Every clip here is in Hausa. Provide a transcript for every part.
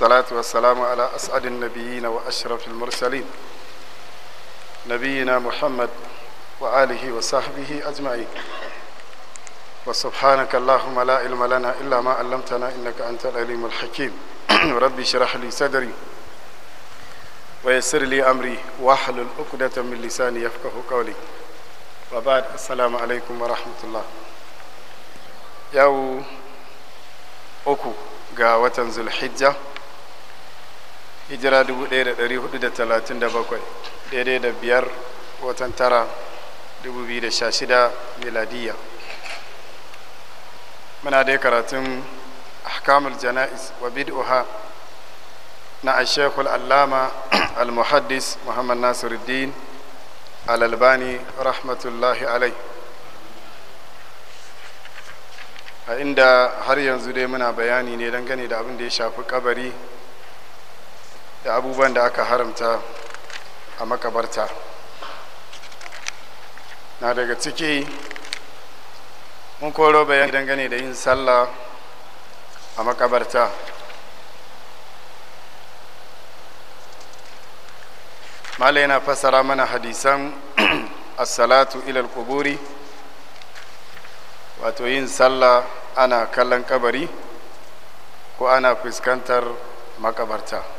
والصلاة والسلام على أسعد النبيين وأشرف المرسلين نبينا محمد وآله وصحبه أجمعين وسبحانك اللهم لا علم لنا إلا ما علمتنا إنك أنت العليم الحكيم ربي شرح لي صدري ويسر لي أمري واحلل الأقدة من لساني يفقه قولي وبعد السلام عليكم ورحمة الله يو أكو ga watan zulhijja hijira 1437 daidai da biyar watan tara 2016 miladiya muna dai karatun ahkamul jana'iz wa bid'uha na ashekul allama al-muhaddis muhammad nasiruddin al-albani rahmatullahi alai a inda har yanzu dai muna bayani ne dangane da abin da ya shafi kabari da abubuwan da aka haramta a makabarta na daga ciki mun koro bayan dangane da yin sallah a makabarta malai na fassara mana hadisan assalatu ilal kuburi wato yin sallah ana kallon kabari ko ana fuskantar makabarta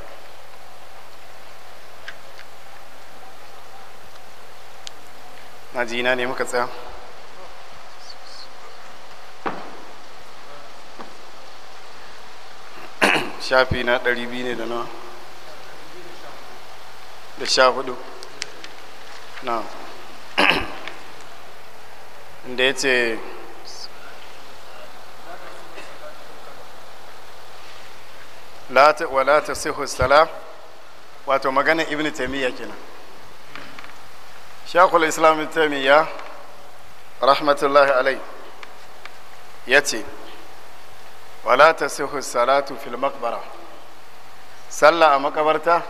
na ji ina ne muka tsaya shafi na ɗari biyu ne da na da sha hudu na inda ya ce wala ta sihu sala wato magana ibn taimiyya kenan shakul islam taimiyya rahmatullahi alai ya ce wala ta salatu fil makbara sallah a makabarta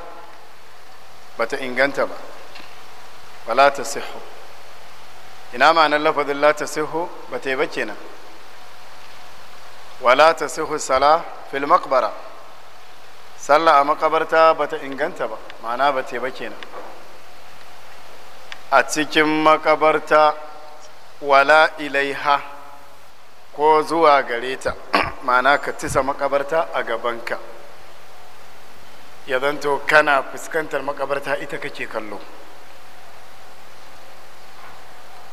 ta inganta ba wala ta ina ma'anar lafazin la ta sihu ba ta yi ba kenan wala ta sihu sala fil makbara sallah a makabarta ba ta inganta ba ma'ana ba ta yi ba kenan a cikin makabarta wala ilaiha ko zuwa gare ta ma'ana ka tisa makabarta a gabanka ya zanto kana fuskantar makabarta ita kake kallo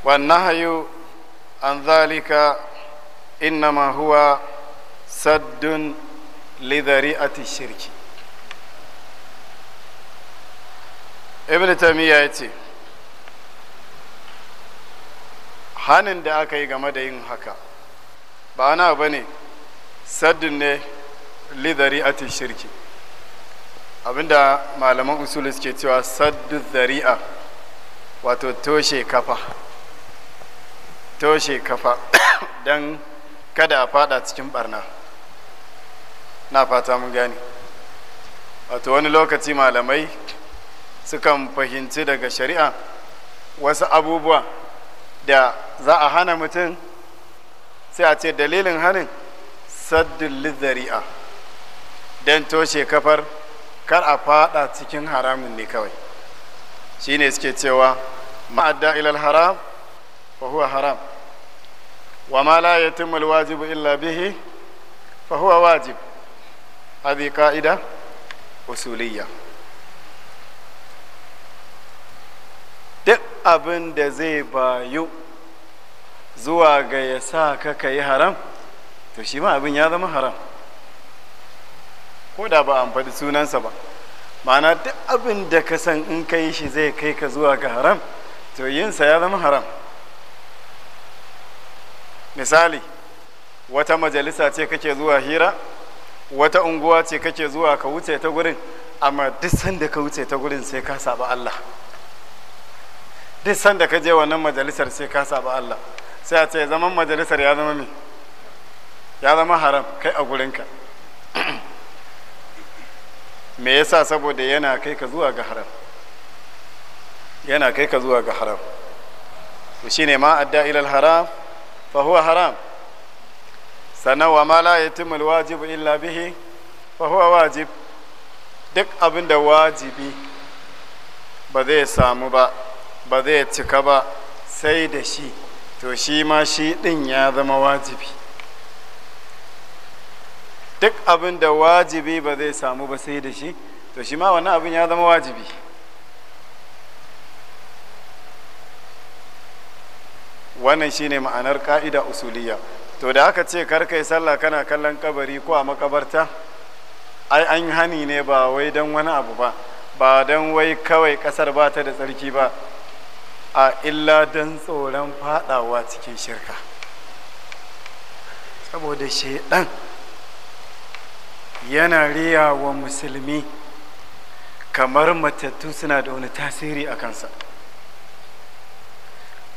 wannan hayo an zalika innama huwa saddun a shirki ibn tamiya ya ce hanin da aka yi game da yin haka ba ana ba ne saddin ne lidari a shirki abinda malaman usulu suke cewa saddu zari'a wato toshe kafa toshe kafa don kada a fada cikin barna na fata mun gane wato wani lokaci malamai sukan fahimci daga shari'a wasu abubuwa da za a hana mutum sai a ce dalilin hanin saddun lizari'a don toshe kafar kar a fada cikin haramun ne kawai Shi ne suke cewa ma'adda ilal haram fa huwa haram wa ma la yatimmu alwajibu illa bihi fa huwa wajib hadhihi ka'ida usuliyya abin da zai bayu zuwa ga ya sa ka ka yi haram to shi ma abin ya zama haram ko da ba an faɗi sunansa ba ma'ana duk abin da ka san in ka yi shi zai kai ka zuwa ga haram to yinsa ya zama haram misali wata majalisa ce kake zuwa hira wata unguwa ce kake zuwa ka wuce ta gurin amma duk sanda ka wuce ta gurin sai ka saba Allah duk sanda ka je wannan majalisar sai ka saba Allah sai a ce zaman majalisar ya zama me ya zama haram kai a gurinka me yasa saboda yana kai ka zuwa ga haram yana kai ka zuwa ga haram to shine ma adda ilal haram fa huwa haram sannan wa ma la yatimul wajibu illa bihi fa huwa wajib duk abin da wajibi ba zai samu ba ba zai cika ba sai da shi to shi ma shi ɗin ya zama wajibi duk abin da wajibi ba zai samu ba sai da shi to shi ma wannan abin ya zama wajibi wannan shi ne ma'anar ka'ida usuliya to da aka ce karkai sallah kana kallon kabari ko a makabarta ai an hani ne ba wai don wani abu ba ba don wai kawai kasar ba ta da tsarki ba a illa don tsoron fadawa cikin shirka saboda shaidan yana riyawa musulmi kamar matattu suna da wani tasiri a kansa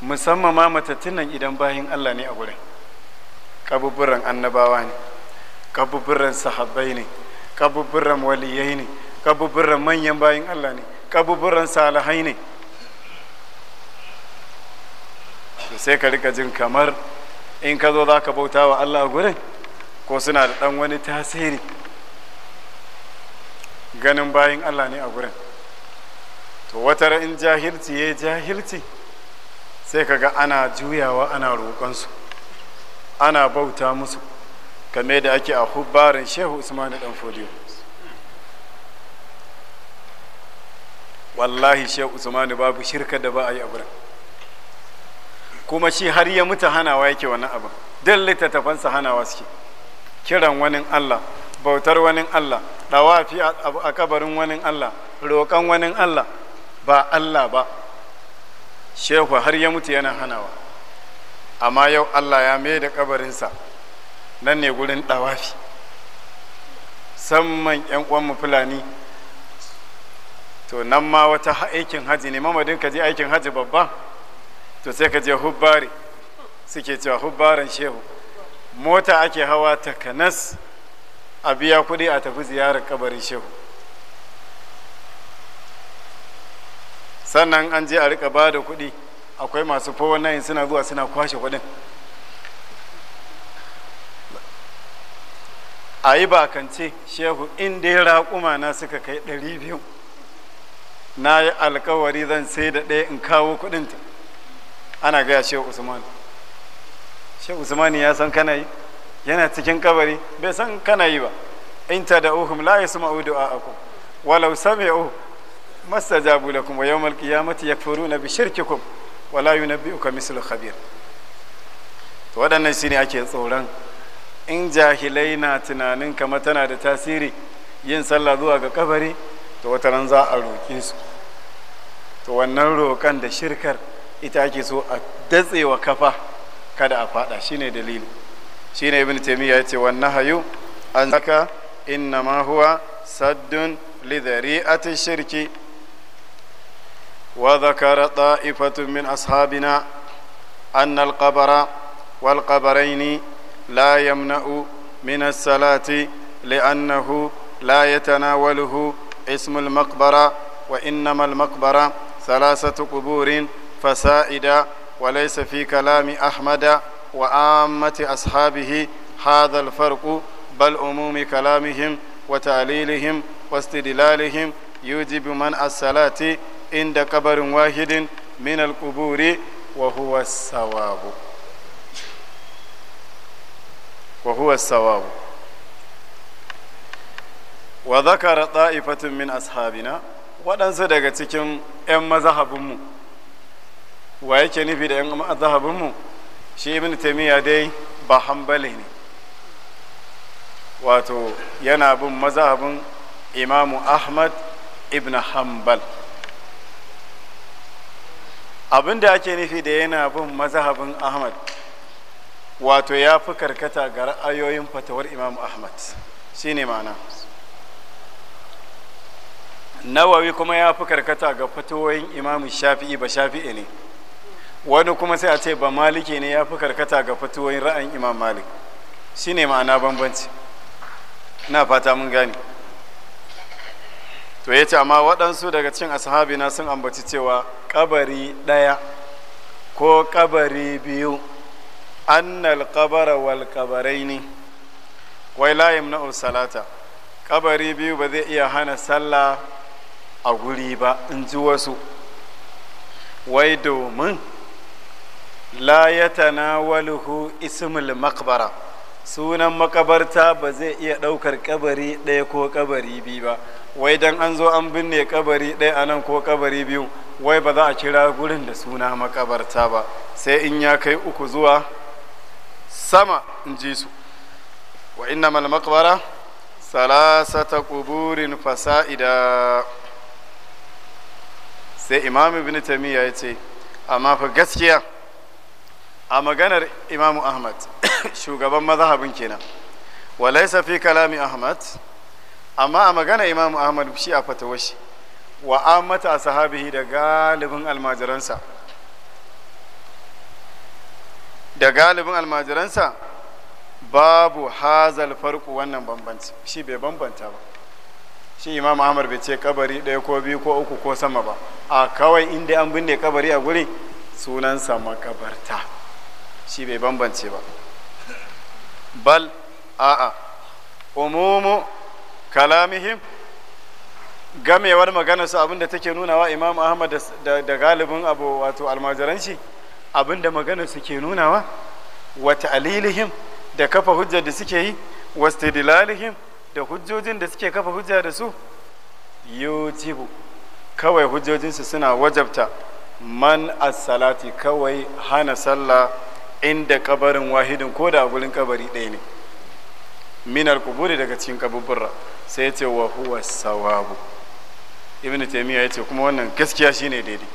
musamman ma matattun nan idan bayan allah ne a wurin kabubburan annabawa ne kabubburan sahabbai ne kabubburan waliyai ne kabubburan manyan bayan allah ne kabubburan Salahai ne sai ka rika jin kamar in ka zo za ka bauta wa Allah gurin ko suna da ɗan wani tasiri ganin bayin Allah ne a gurin to wata ra'in jahilci ya jahilci sai ka ga ana juyawa ana roƙonsu ana bauta musu game da ake a hubbarin shehu usman dan fodiyo wallahi shehu usman babu shirka da ba a yi a gurin kuma shi har ya mutu hanawa yake wannan abin duk littattafansa hanawa suke kiran wani Allah bautar wani Allah dawafi a kabarin wani Allah roƙon wani Allah ba Allah ba shehu har ya mutu yana hanawa amma yau Allah ya mai da kabarinsa nan ne gurin dawafi samman 'yan mu fulani to nan ma wata aikin haji ne mamadin ka je aikin haji babba to sai ka je hubbari suke cewa hubbarin shehu mota ake hawa takanas a biya kuɗi a tafi ziyarar kabarin shehu sannan an je a rika ba da kuɗi akwai masu fowon suna zuwa suna kwashe kuɗin a yi bakance shehu inda ya raƙuma na suka kai ɗari biyu na yi alkawari zan sai da ɗaya in kawo ta. ana gaya shehu usman shehu usman ya san kana yi yana cikin kabari bai san kana yi ba in ta da uhum la yasma'u du'a'akum walau sami'u mastajabu lakum wa yawmal qiyamati yakfuruna bi shirkikum wa la yunabbi'uka mislu khabir to waɗannan shine ake tsoron in jahilai na tunanin kama tana da tasiri yin sallah zuwa ga kabari to wata ran za a roƙe su to wannan roƙan da shirkar ita ake so a datsewa kafa kada a fada shine dalili shine ibn taymiya yace wannan hayu an zaka inna ma huwa saddun li dhari'ati shirki wa dhakara ta'ifatu min ashabina anna al-qabra wal qabrayn la yamna'u min as-salati li'annahu la yatanawaluhu ismu al-maqbara wa innama al-maqbara thalathatu quburin فسائدا وليس في كلام أحمد وعامة أصحابه هذا الفرق بل عموم كلامهم وتعليلهم واستدلالهم يوجب من الصلاة عند قبر واحد من القبور وهو الصواب وهو الصواب وذكر طائفة من أصحابنا waɗansu daga cikin 'yan mazahabinmu wa yake nufi da yan mu shi ibn taimiyya dai ba hambali ne wato yana bin mazhabin imamu ahmad ibn hanbal abin da ake nufi da yana bin mazhabin ahmad wato ya fi karkata ga ra'ayoyin fatawar imamu ahmad shine ma'ana nawawi kuma ya fi karkata ga fatawoyin imamu shafi'i ba shafi'i ne wani kuma sai a ce ba maliki ne ya fi karkata ga fatuwoyin ra'ayin imam malik shi ne ma'ana bambanci na fata mun gane to ya ce amma waɗansu daga cin ashabina sun ambaci cewa kabari ɗaya ko kabari biyu annal kabara wal kabarai ne wai layim na salata kabari biyu ba zai iya hana sallah a guri ba in ji wasu wai domin la ya tanawaluhu ismul makbara sunan makabarta ba zai iya ɗaukar kabari ɗaya ko kabari biyu ba wai dan an zo an binne kabari ɗaya a nan ko kabari biyu wai ba za a kira gurin da suna makabarta ba sai in ya kai uku zuwa sama in ji su wa innamal makbara salasata kuburin fasa'ida sai imam ibn tamiya ya ce amma fa gaskiya a maganar imamu ahmad shugaban mazhabin kenan walaisa fi kalami ahmad amma a magana imamu ahmad shi a fatawashi wa amata sahabihi da galibin almajiransa da galibin almajiransa babu hazal farko wannan bambanci shi bai bambanta ba shi imam ahmad bai ce kabari ɗaya ko biyu ko uku ko sama ba a kawai inda an binne kabari a guri sunansa makabarta shi bai bambance ba bal a'a umumu kalamihim gamewar su abinda take nunawa imam ahmad da galibin abu wato almajiranci abinda su ke nunawa wa ta'lilihim da kafa hujjar da suke yi wa istidlalihim da hujjojin da suke kafa hujja da su yujibu kawai hujjojinsu suna wajabta man as kawai hana sallah inda kabarin wahidin ko da gurin kabari ɗaya ne minar kuburi daga cikin kaburbura sai ya ce wa huwa sawabu ibn taymiya ya ce kuma wannan gaskiya shine daidai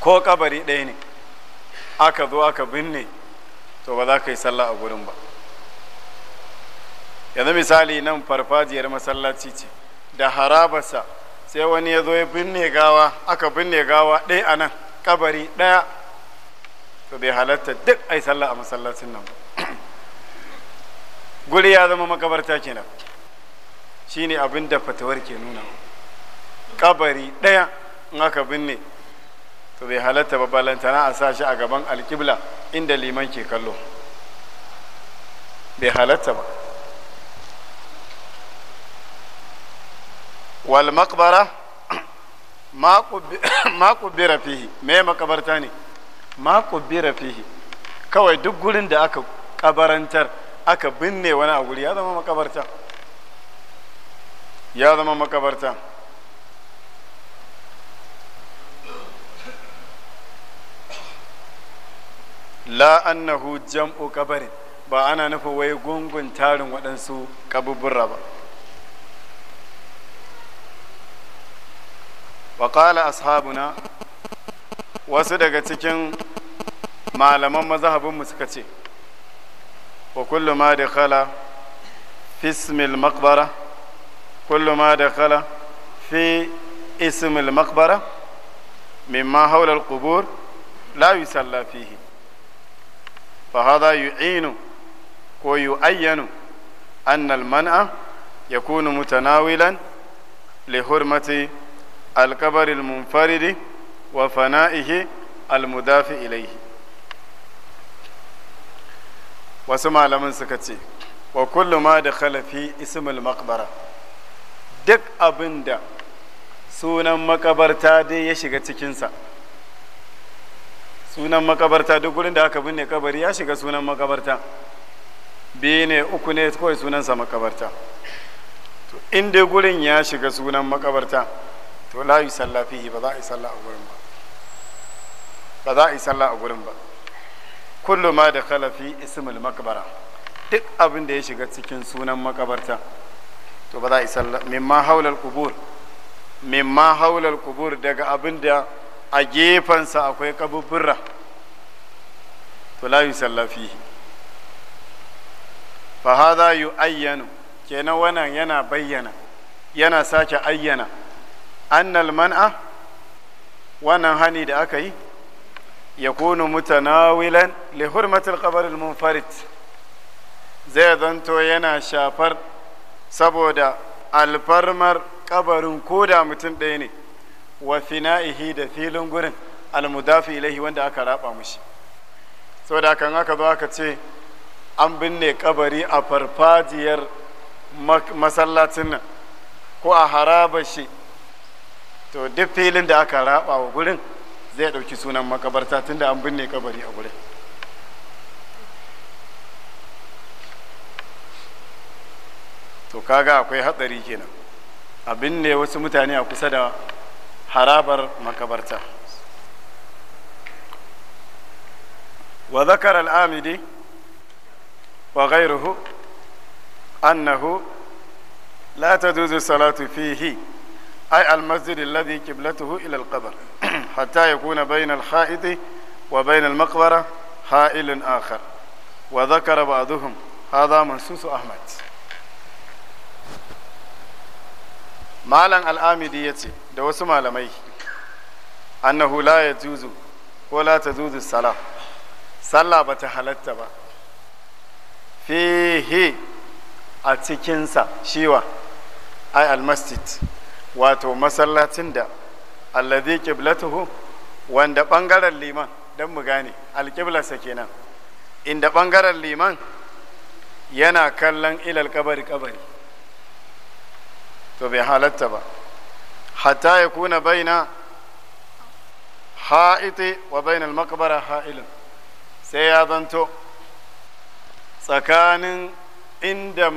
ko kabari ɗaya ne aka zo aka binne to ba za ka yi sallah a gurin ba yanzu misali nan farfajiyar masallaci ce da harabarsa sai wani ya zo ya binne gawa aka binne gawa ɗaya a nan kabari ɗaya su bai halatta duk ai sallah a masallacin nan guri ya zama makabarta kenan shine abin da fatawar ke nuna kabari ɗaya in aka binne to bai halatta ba balantana a sashi a gaban alkibla inda liman ke kallo bai halatta ba wal makbara ma kubira fihi me makabarta ne ma kubbira fihi kawai duk gurin da aka kabarantar aka binne wani a guri ya zama makabarta ya zama makabarta la annahu jam'u kabarin ba ana nufin wai gungun tarin waɗansu kabubura ba wa qala ashabuna wasu daga cikin malaman mazhabinmu suka ce wa kullu ma da khala fi ismil maqbara kullu ma da khala fi ismil maqbara mimma hawla al-qubur la yusalla fihi fa hadha yu'inu ko yu'ayyanu anna al-man'a yakunu mutanawilan li hurmati al-qabr al-munfarid wa fana'ihi wasu malamin suka ce wa da khalafi ismul maqbara duk abinda da sunan makabarta dai ya shiga cikinsa sunan makabarta duk gurin da aka binne kabari ya shiga sunan biyu ne uku ne kawai sunansa makabarta to in dai gurin ya shiga sunan makabarta to la yi sallafihi ba za a yi sallah a gurin ba ba za a yi sallah a gurin ba kullu ma da kalafi ismul makbara duk abin da ya shiga cikin sunan makabarta to ba za a yi sallah mimma haulal kubur mimma haulal kubur daga abin da a gefensa akwai kabubura to la yi fihi fa hadha yu'ayyanu kenan wannan yana bayyana yana sake ayyana annal man'a wannan hani da aka yi mutanawilan متناولا لحرمة القبر المنفرد zai zanto yana shafar saboda alfarmar kabarin da mutum ɗaya ne wa fina'ihi da filin gurin almudafi wanda aka raba mushi saboda kan aka zo aka ce an binne kabari a farfajiyar masallacin nan ko a haraba shi to duk filin da aka raba wa gurin zai ɗauki sunan makabarta tunda an binne kabari a wurin. to kaga akwai hatsari kenan a binne wasu mutane a kusa da harabar makabarta wa zakar al'amidi wa ghairuhu annahu la salatu fihi أي المسجد الذي قبلته إلى القبر حتى يكون بين الحائط وبين المقبرة حائل آخر وذكر بعضهم هذا منصوص أحمد مالا الآمدي يتي دوس مالمي أنه لا يجوز ولا تجوز الصلاة صلى بتحلت با فيه أتكنسا شيوا أي المسجد wato masallacin da allazi qiblatuhu wanda bangaren liman dan mu gane alqiblarsa kenan inda bangaren liman yana kallon ilal kabari kabari to bai halatta ba hatta ya kuna baina ha'iti wa bainal makabara ha'ilin sai ya zanto tsakanin inda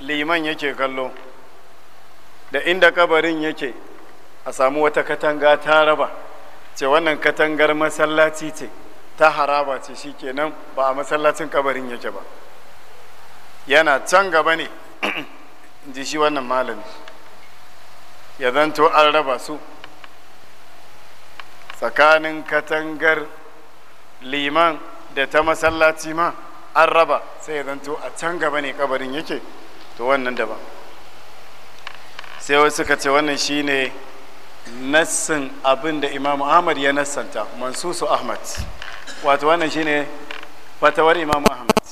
liman yake kallo da inda kabarin yake a samu wata katanga ta raba ce wannan katangar masallaci ce ta haraba ce shikenan ba a masallacin kabarin yake ba yana can gaba ne ji shi wannan malami ya zanto an raba su tsakanin katangar liman da ta masallaci ma an raba sai ya zanto a can gaba ne kabarin yake to wannan daban sai wasu suka ce wannan shine nassin abin da imamu ahmad ya nassanta mansusu ahmad wato wannan shine fatawar imamu ahmad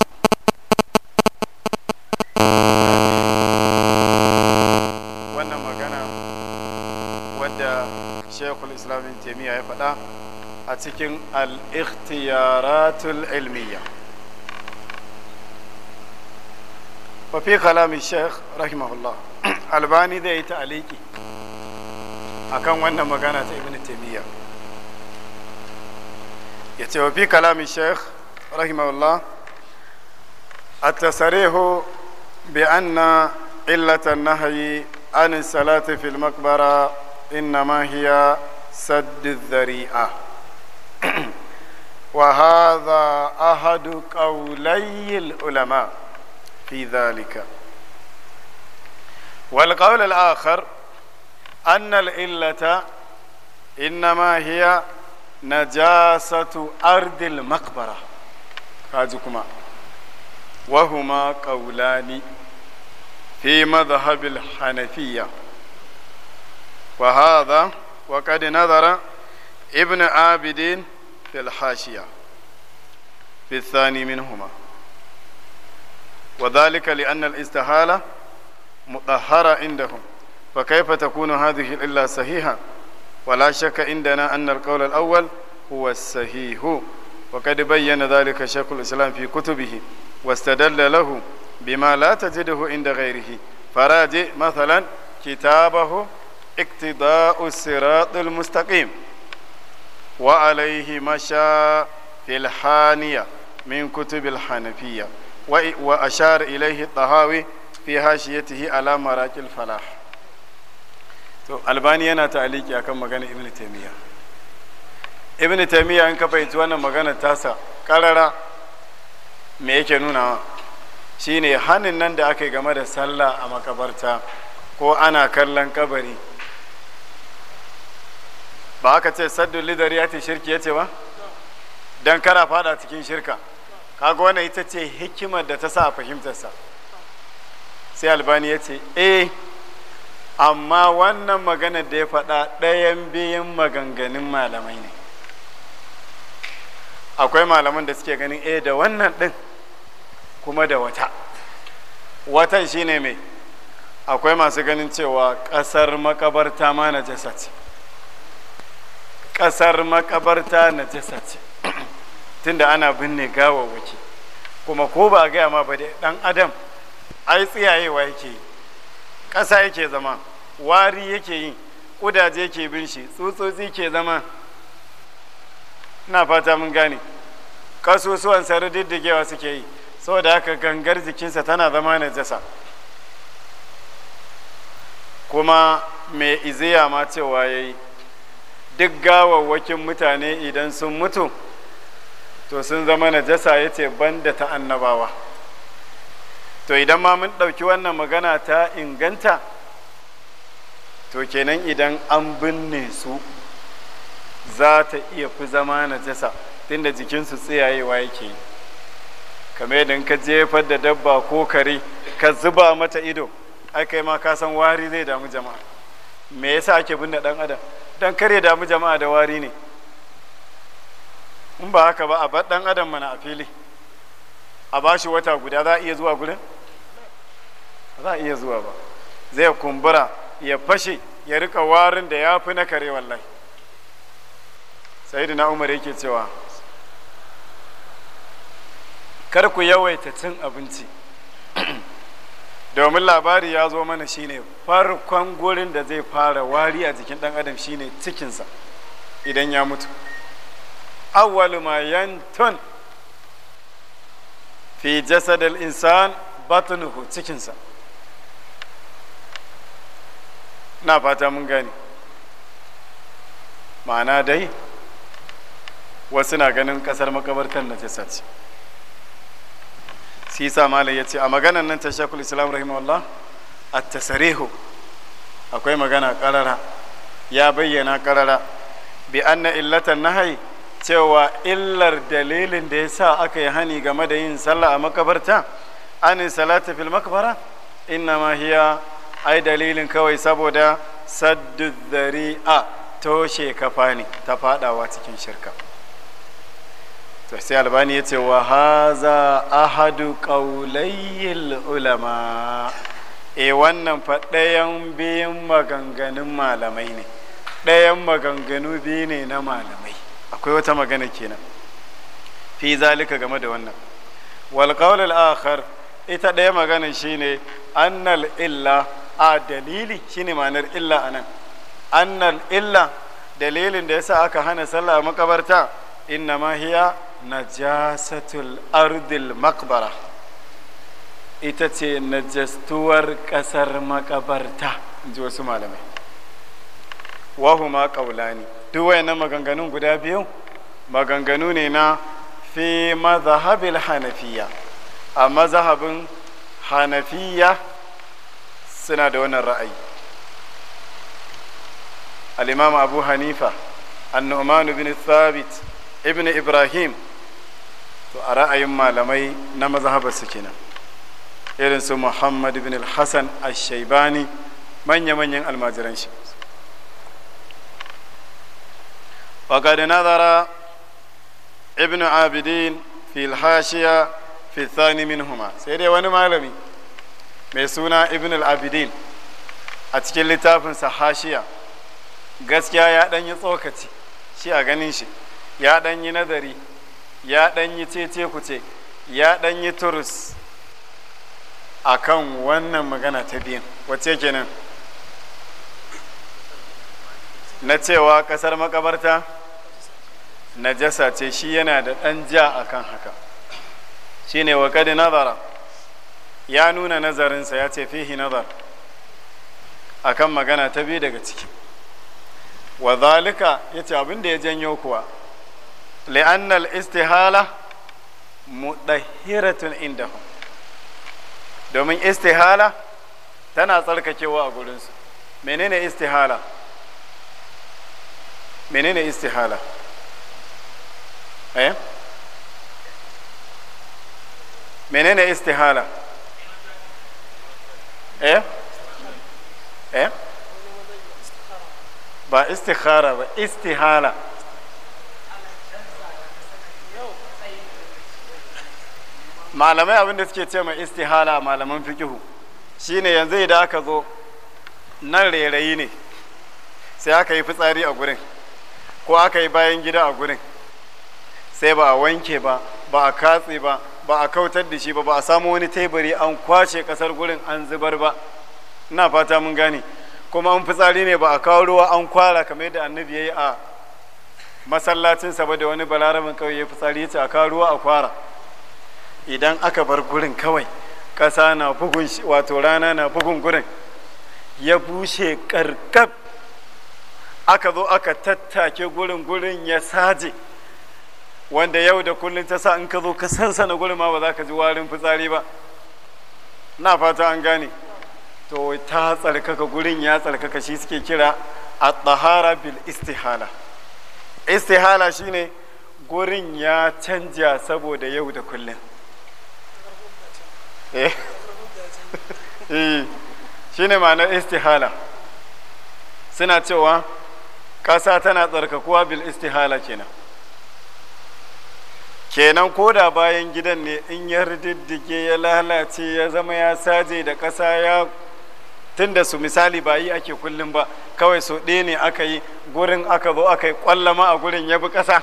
wannan magana wadda shekul islamin taimiyya ya faɗa a cikin al-ikhtiyaratul ilmiya وفي كلام الشيخ رحمه Albani da ita aliki akan wannan magana ta Ibn Taymiyyah yace wa fi kalamin Sheikh rahimahullah at-tasarihu bi anna illat an-nahyi an salati fil maqbara inna ma hiya sadd adh-dhari'a wa hadha ahadu qawlayil ulama fi dhalika والقول الآخر أن الإلة إنما هي نجاسة أرض المقبرة هاجكما وهما قولان في مذهب الحنفية وهذا وقد نظر ابن عابدين في الحاشية في الثاني منهما وذلك لأن الاستهالة مطهرة عندهم فكيف تكون هذه إلا صحيحة ولا شك عندنا أن القول الأول هو الصحيح وقد بين ذلك شيخ الإسلام في كتبه واستدل له بما لا تجده عند غيره فراجع مثلا كتابه اقتضاء الصراط المستقيم وعليه مشى في الحانية من كتب الحنفية وأشار إليه الطهاوي fi hashiyatihi ala maraqil falah to albani yana ta'aliki akan magana ibn taymiya ibn taymiya in ka fahimci wannan magana tasa karara me yake nuna shine hanin nan da aka yi game da sallah a makabarta ko ana kallon kabari ba ka ce saddun lidari shirki ya ce ba dan kara fada cikin shirka kaga wannan ita ce hikimar da ta sa fahimtarsa sai albani ya ce eh amma wannan magana da ya faɗa ɗayan biyan maganganun malamai ne akwai malaman da suke ganin eh da wannan ɗin kuma da wata watan shine mai akwai masu ganin cewa ƙasar makabarta ma na ce ƙasar makabarta na ce tunda ana binne waki kuma ko ba a gaya ma ba dai ɗan adam ai tsiyayewa yake yi ƙasa yake zama wari yake yi ƙudaje ke bin shi tsutsotsi ke zama na fata mun gane ƙasusuwan diddigewa suke yi saboda haka gangar jikinsa tana zama na jasa kuma mai iziya ma cewa ya yi duk gawawwakin mutane idan sun mutu to sun zama na jasa ya ce banda ta annabawa to idan ma mun ɗauki wannan magana ta inganta to kenan idan an binne su za ta iya fi zama na najasa tunda jikinsu tsiyayewa yake yi kamar yadda ka jefar da dabba ko kare ka zuba mata ido aka yi ma ka san wari zai damu jama'a me yasa ake binne dan adam dan kare damu jama'a da wari ne in ba haka ba a bar dan adam mana a fili a bashi wata guda za a iya zuwa gurin ba za a iya zuwa ba zai kumbura ya fashe ya rika warin da ya fi na kare wallahi sai na umar yake cewa kar ku yawaita cin abinci domin labari ya zo mana shine farkon gurin da zai fara wari a jikin dan adam shine cikinsa idan ya mutu awwalu ma yantun fi jasadil insan batnuhu cikinsa na fata mun gani ma'ana dai wasu na ganin kasar makabartar na jasa si sa malai ya ce a maganan nan ta shakul islam rahimahullah a tasarihu akwai magana karara ya bayyana karara bi anna illatan nahai cewa illar dalilin da ya sa aka yi hani game da yin sallah a makabarta an salata fil makbara inna ma hiya ai dalilin kawai saboda saddu zari'a toshe kafa ne ta fadawa cikin shirka to sai albani ya ce wa haza ahadu qawlayil ulama e wannan fa ɗayan biyun maganganun malamai ne ɗayan maganganu biyu ne na malamai akwai wata magana kenan fi zalika game da wannan wal qawl al akhar ita ɗaya maganin shine annal illa a dalili shine ma'anar illa anan annal illa dalilin da yasa aka hana sallah makabarta inna ma hiya najasatul ardil makbara ita ce najastuwar kasar makabarta ji wasu malamai wahuma kaulani duk wayannan maganganun guda biyu maganganu ne na fi mazhabil hanafiya a mazhabin hanafiya suna da wannan ra'ayi al-imam abu hanifa annu'manu bin thabit ibn ibrahim to a ra'ayin malamai na mazhabar kenan irin su muhammad bin al-hasan al manya-manyan almajiran shi وقد نظر ابن عابدين في الحاشية في الثاني منهما سيدي ونمالمي mai suna ibn al-abidin a cikin littafinsa hashiya gaskiya ya ɗan yi tsokaci shi a ganin shi ya ɗan yi nazari ya ɗan yi kuce ya ɗan yi turus a kan wannan magana ta biyan wacce kenan na cewa ƙasar makabarta najasa ce shi yana da ɗan ja a kan haka shi ne wa kadi nazara ya nuna nazarinsa ya ce fihi nazar kan magana ta biyu daga ciki wa zalika ya ce abin da ya janyo kuwa li'annal istihala mudahiratun inda domin istihala tana tsarkakewa a gurinsu menene istihala menene istihala eh menene istihala ايه eh? ايه eh? ba استخاره ba istihala malamai abin da suke ce mai istihala malaman fikihu shine yanzu idan aka zo nan rairayi ne sai aka yi fitsari a gurin ko aka yi bayan gida a gurin sai ba a wanke ba ba a katse ba ba a kautar da shi ba ba a samu wani teburi an kwashe kasar gurin an zubar ba na fata mun gane kuma an fitsari ne ba a kawo ruwa an kwara kamar yadda annabi ya yi a masallacinsa ba da wani balarabin kawai ya fitsari ya ce a kawo ruwa a kwara idan aka bar gurin kawai ƙasa na bugun wato rana na bugun gurin ya bushe karkab aka zo aka tattake gurin gurin ya saje wanda yau da kullum ta sa in ka zo ka sansana gurin ma ba za ka ji warin fitsari ba na fata an gane to ta tsarkaka gurin ya tsarkaka shi suke kira a tsahara bil istihala istihala shine gurin ya canja saboda yau da kullum eh. Eh, shine ma'anar istihala suna cewa ƙasa tana tsarkakuwa bil istihala kenan kenan ko da bayan gidan ne in ya diddige ya lalace ya zama ya saje da ƙasa ya tun da su misali ba yi ake kullum ba kawai so ɗaya ne aka yi gurin aka zo aka yi ƙwallama a gurin ya bi ƙasa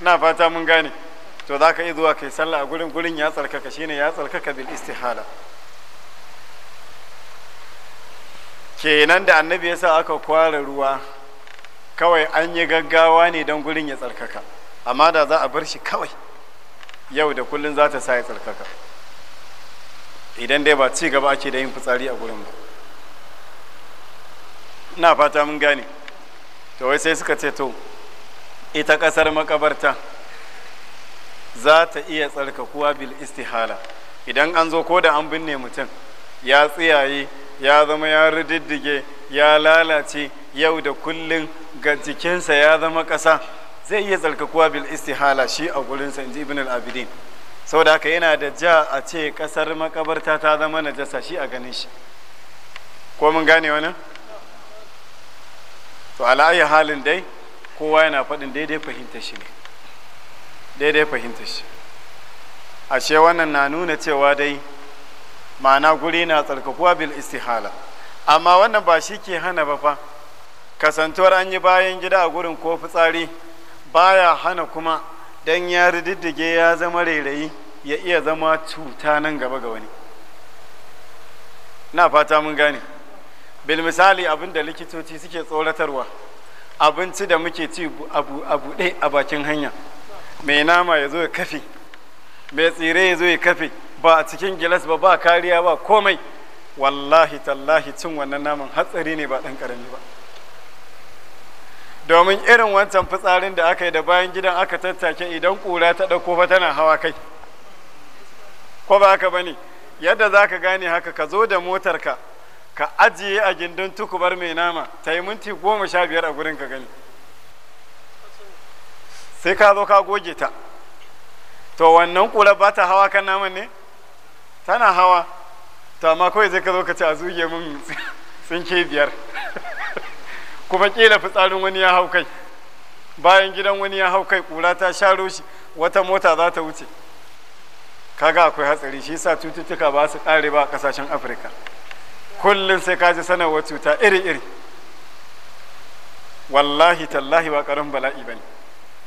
na fata mun gane to za ka yi zuwa kai sallah a gurin gurin ya tsarkaka shine ya tsarkaka bil istihala kenan da annabi ya sa aka kwara ruwa kawai an yi gaggawa ne don gurin ya tsarkaka amma da za a bar shi kawai yau da kullum za ta sa tsarkaka idan dai ba ci gaba ake da yin fitsari a gurin ba na fata mun gane to wai sai suka ce to ita kasar makabarta za ta iya tsarkakuwa bil istihala idan an zo ko da an binne mutum ya tsiyaye ya zama ya rididdige ya lalace yau da kullum ga jikinsa ya zama ƙasa zai iya tsarkakuwa bil istihala shi a gurin sa inji ibn al-abidin saboda haka yana da ja a ce kasar makabarta ta zama najasa shi a ganin shi ko mun gane wani to ala'ayi halin dai kowa yana faɗin daidai fahimta shi ne daidai fahimta shi ashe wannan na nuna cewa dai ma'ana guri na tsarkakuwa bil istihala amma wannan ba shi ke hana ba fa kasantuwar an yi bayan gida a gurin ko fitsari baya hana kuma dan ya riddige ya zama rairayi ya iya zama cuta nan gaba ga wani na fata mun gane bil misali abin da likitoci suke tsoratarwa abinci da muke ci a buɗe a bakin hanya mai nama ya zo ya kafe mai tsire ya zo ya kafe ba a cikin gilas ba ba kariya ba komai wallahi tallahi cin wannan naman hatsari ne ba ɗan ƙarami ba domin irin wancan fitsarin da aka yi da bayan gidan aka tattake idan kura ta ɗauko fa tana hawa kai ko ba haka bane yadda za ka gane haka ka zo da motarka ka ajiye a gindin tukubar mai nama ta yi minti goma sha biyar a gurin ka gani sai ka zo ka goge ta to wannan ƙura ba ta hawa kan naman ne tana hawa to amma kawai zai ka zo ka ci a zuge min sun ke biyar kuma kila fitsarin wani ya hau kai bayan gidan wani ya hau kai kura ta sharo shi wata mota za ta wuce kaga akwai hatsari shi yasa cututtuka ba su kare ba a kasashen afirka kullum sai kaji sanarwar cuta iri-iri wallahi tallahi ba karin bala'i bane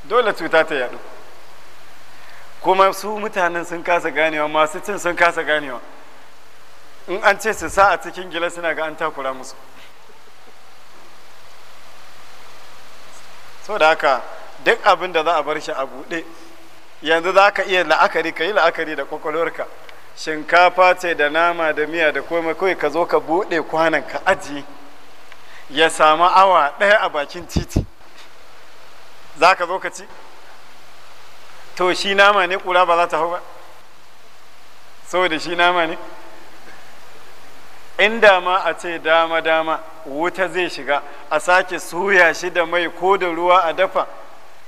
dole cuta ta yadu kuma su mutanen sun kasa ganewa masu cin sun kasa ganewa in an ce su sa a cikin gila suna ga an takura musu da haka duk abin da za a bar shi a buɗe yanzu za ka iya la'akari ka yi la'akari da kwakwalwarka shinkafa ce da nama da miya da komai kawai ka zo ka buɗe kwanan ka ajiye ya samu awa ɗaya a bakin titi za ka zo ka ci to shi nama ne ƙura ba za ta hau ba saboda shi nama ne inda ma a ce dama dama wuta zai shiga a sake soya shi da mai ko da ruwa a dafa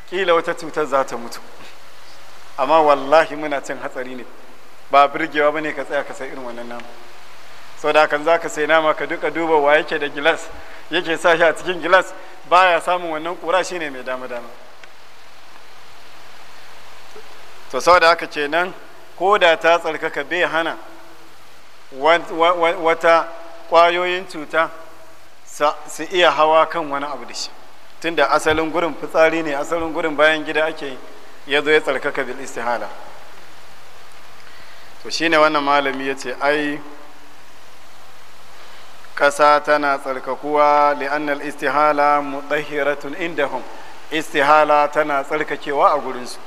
kila wata cutar za ta mutu amma wallahi muna cin hatsari ne ba birgewa ba ne ka tsaya ka sai irin wannan nama sau da kan za ka sai nama ka duka duba wa yake da gilas yake sa shi a cikin gilas baya samun wannan kura shi ne mai dama dama to sau da haka kenan ko da ta tsarkaka bai hana wata kwayoyin cuta su iya hawa kan wani abu da shi tunda asalin gurin fitsari ne asalin gurin bayan gida ake ya zo ya tsarkaka bil istihala to shine wannan malami ya ce ai ƙasa tana tsarkakuwa li'annal istihala mutahiratun indahum istihala tana tsarkakewa a gurinsu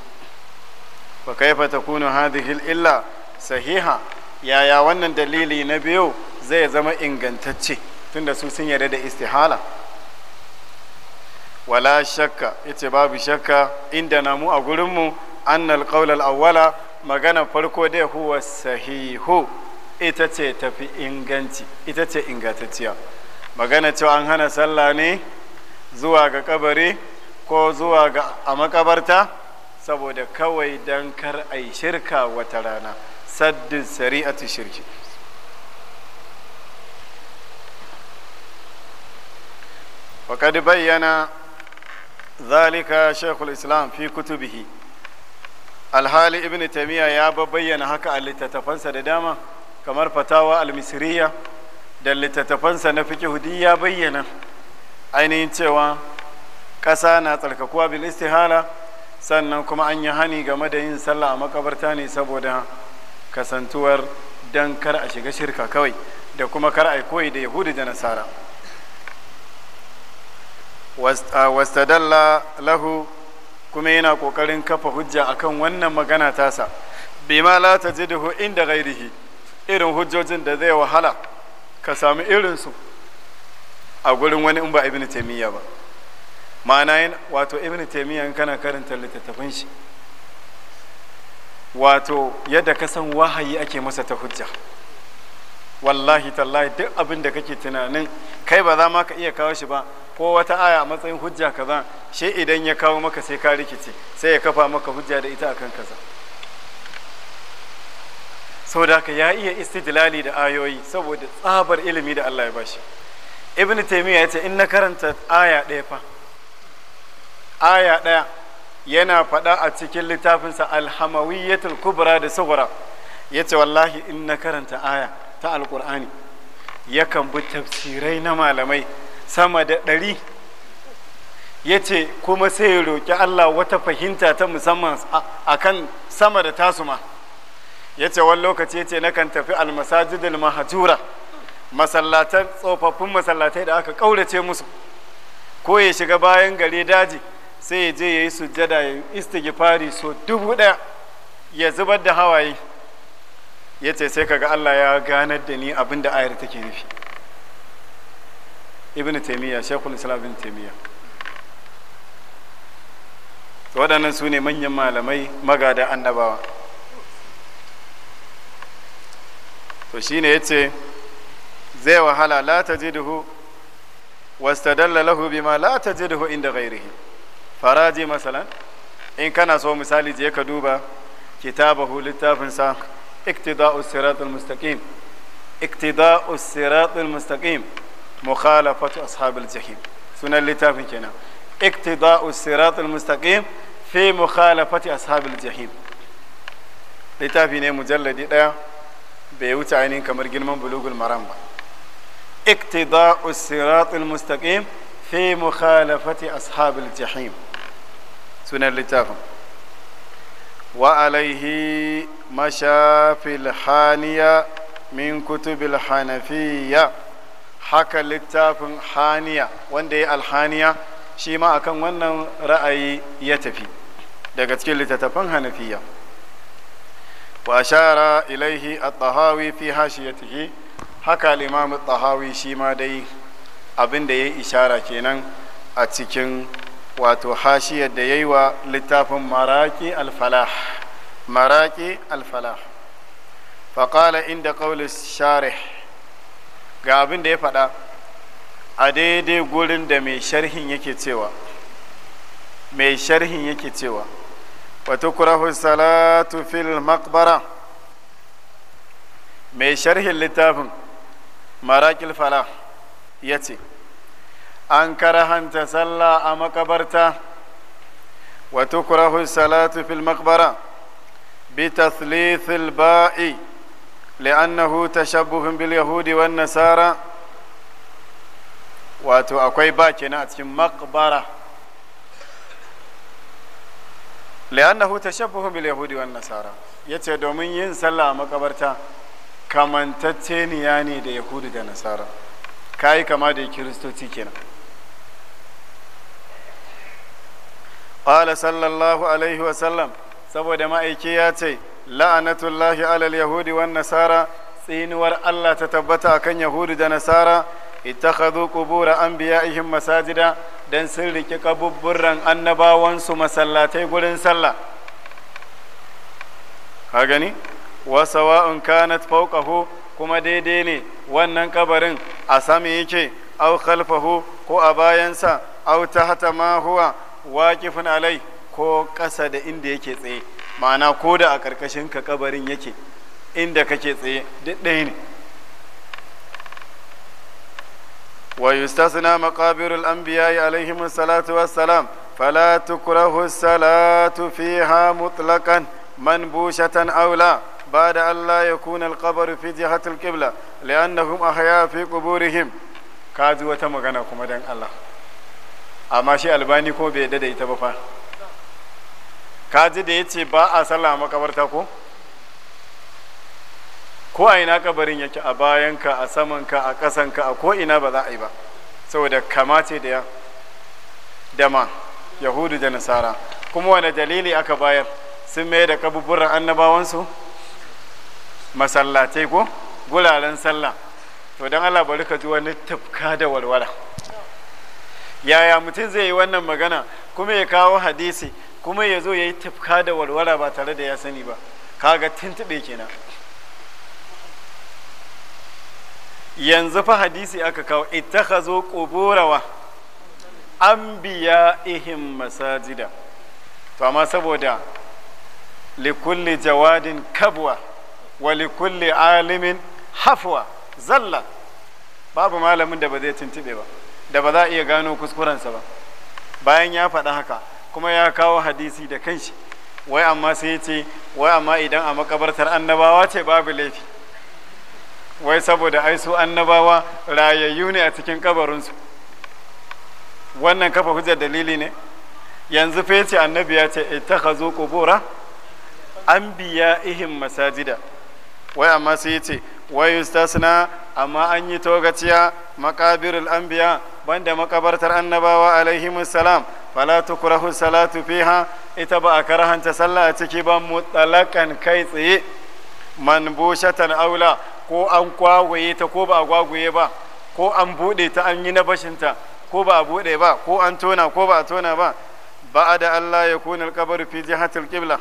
fa kaifa takunu hadhihi illa sahiha yaya wannan dalili na biyu zai zama ingantacce tunda su sun yarda da istihala wala shakka yace babu shakka inda namu a gurinmu annal qaulal awwala magana farko da huwa sahihu ita ce tafi inganci ita ce ingantacciya magana cewa an hana sallah ne zuwa ga kabari ko zuwa ga a makabarta saboda kawai dan kar a shirka wata rana saddin shari'atu shirki وقد بين ذلك شيخ الإسلام في كتبه الحالي ابن ya يا بين هكا اللي da دداما kamar فتاوى almisiriya da littattafansa na hudu ya bayyana ainihin cewa ƙasa na tsarkakuwa bil istihala sannan kuma an yi hani game da yin sallah a makabarta ne saboda kasantuwar don kar a shiga shirka kawai da kuma kar a koyi da yahudi da nasara Ah, wastadalla lahu kuma yana kokarin kafa hujja akan wannan magana tasa bima la tajiduhu inda ghairihi irin hujjojin da zai wahala ka sami irinsu a gurin wani in ba ibn taymiya ba ma'ana yin wato ibn taymiya in kana karanta littattafan shi wato yadda ka san wahayi ake masa ta hujja wallahi tallahi duk abin da kake tunanin kai ba za ma ka iya kawo shi ba ko wata aya matsayin hujja kaza shi idan ya kawo maka sai ka rikice sai ya kafa maka hujja da ita akan kaza da ka ya iya istidlali da ayoyi saboda tsabar ilimi da Allah ya bashi ibn taymiya ya ce in na karanta aya ɗaya fa aya ɗaya yana faɗa a cikin littafinsa alhamawiyyatul kubra da sughra ya ce wallahi in na karanta aya ta alƙur'ani yakan bi tafsirai na malamai sama da ɗari ya ce kuma sai ya roƙi Allah wata fahimta ta musamman a kan sama da tasuma ya ce wani lokaci ya ce kan tafi almasajidul mahajura masallatan tsofaffin masallatai da aka ƙaurace musu ko ya shiga bayan gare daji sai ya je ya yi sujjada ya istighfari so dubu ɗaya ya zubar da hawaye ya ce sai kaga Allah ya ganar da ni abin da ayar take nufi ibn taimiyya shekul islam ibn taimiyya waɗannan su ne manyan malamai magada annabawa to shine ya ce zai wahala la ta ji duhu wastadalla lahu bima la ta ji duhu inda gairihi faraji masalan in kana so misali je ka duba kitabahu littafinsa iktida'u siratul mustaqim iktida'u siratul mustaqim مخالفة أصحاب الجحيم سنة اللي هنا اقتضاء الصراط المستقيم في مخالفة أصحاب الجحيم لتافين مجلد لا بيوت عينين كمر من بلوغ المرام اقتضاء الصراط المستقيم في مخالفة أصحاب الجحيم سنة اللي وعليه مشافي الحانية من كتب الحنفيه haka littafin haniya wanda ya alhaniya shi ma akan wannan ra'ayi ya tafi daga cikin littattafan hanafiya wa ashara ilaihi at-tahawi fi hashiyatihi haka al-imam at-tahawi shi ma dai abinda da yi ishara kenan a cikin wato hashiyar da yayi wa littafin maraki al-falah maraki al-falah فقال عند ga abin da ya faɗa a daidai gurin da mai sharhin yake cewa mai sharhin yake cewa wato kurahu salatu fil Makbara mai sharhin littafin marakil Fala ya ce an karahanta sallah a makabarta wato kurahu salatu fil Makbara bi tathlithil ba'i li'annahu tashabbuhun bil yahudi wan nasara wato akwai ba kenan a cikin maqbara li'annahu tashabbuhun bil yahudi wan nasara yace domin yin sallah a makabarta kamantacceniya ne da yahudu da nasara kayi kama da kiristoci kenan qala sallallahu alaihi wa sallam saboda ma'aiki ya ce la'anatullahi alal yahudi wan nasara tsinuwar Allah ta tabbata kan yahudi da nasara ittakhadhu qubura anbiya'ihim masajida dan sun rike kabubburran annabawansu masallatai gurin sallah ka gani wa sawa'un kanat fawqahu kuma daidai ne wannan kabarin a sama yake aw khalfahu ko a bayansa aw tahta ma huwa waqifun alai ko kasa da inda yake tsaye ma'ana ko da a ƙarƙashin ka kabarin yake inda kake tsaye duk ɗaya ne wa yustasna maqabirul anbiya'i alaihim salatu wassalam fala tukrahu salatu fiha mutlaqan manbushatan aw Aula, ba'da allah ya kuna al-qabru fi jihati al-qibla li'annahum ahya fi quburihim kaji wata magana kuma dan Allah amma shi albani ko bai yadda ita ba fa ka ji da ya ce ba a sallah makabarta ko ko a ina kabarin yake a bayanka a samanka a kasanka a ko ina ba za a yi ba saboda kama ce da dama yahudu da nasara kuma wani dalili aka bayar sun mai da kabuburan annabawansu masallatai ko gularen sallah to don allah bari ka ji wani tafka da walwala yaya mutum zai yi wannan magana kuma ya kawo hadisi kuma ya zo ya yi tafka da walwala ba tare da ya sani ba kaga tuntube kenan yanzu fa hadisi aka kawo an biya ihin masajida to amma saboda likulli jawadin kabwa wa likulli alimin hafwa zalla babu malamin da ba zai tuntube ba da ba za a iya gano kuskurensa ba bayan ya faɗa haka kuma ya kawo hadisi da kanshi wai amma sai ce wai amma idan a makabartar annabawa ce babu laifi wai saboda ai su annabawa rayayyu ne a cikin kabarinsu wannan kafa hujjar dalili ne yanzu fece annabi ya ce ittakhazu qubura anbiya'ihim masajida wai amma sai ya ce wai yustasna amma an yi togaciya makabirul anbiya banda makabartar annabawa alaihimus salam fala tukrahu salatu fiha ita ba a karahanta sallah a ciki ba mutlaqan kai tsaye manbushatan aula ko an kwaguye ta ko ba a kwaguye ba ko an buɗe ta an yi na bashinta ko ba a buɗe ba ko an tona ko ba a tona ba ba da Allah ya kuna alkabar fi jihatul qibla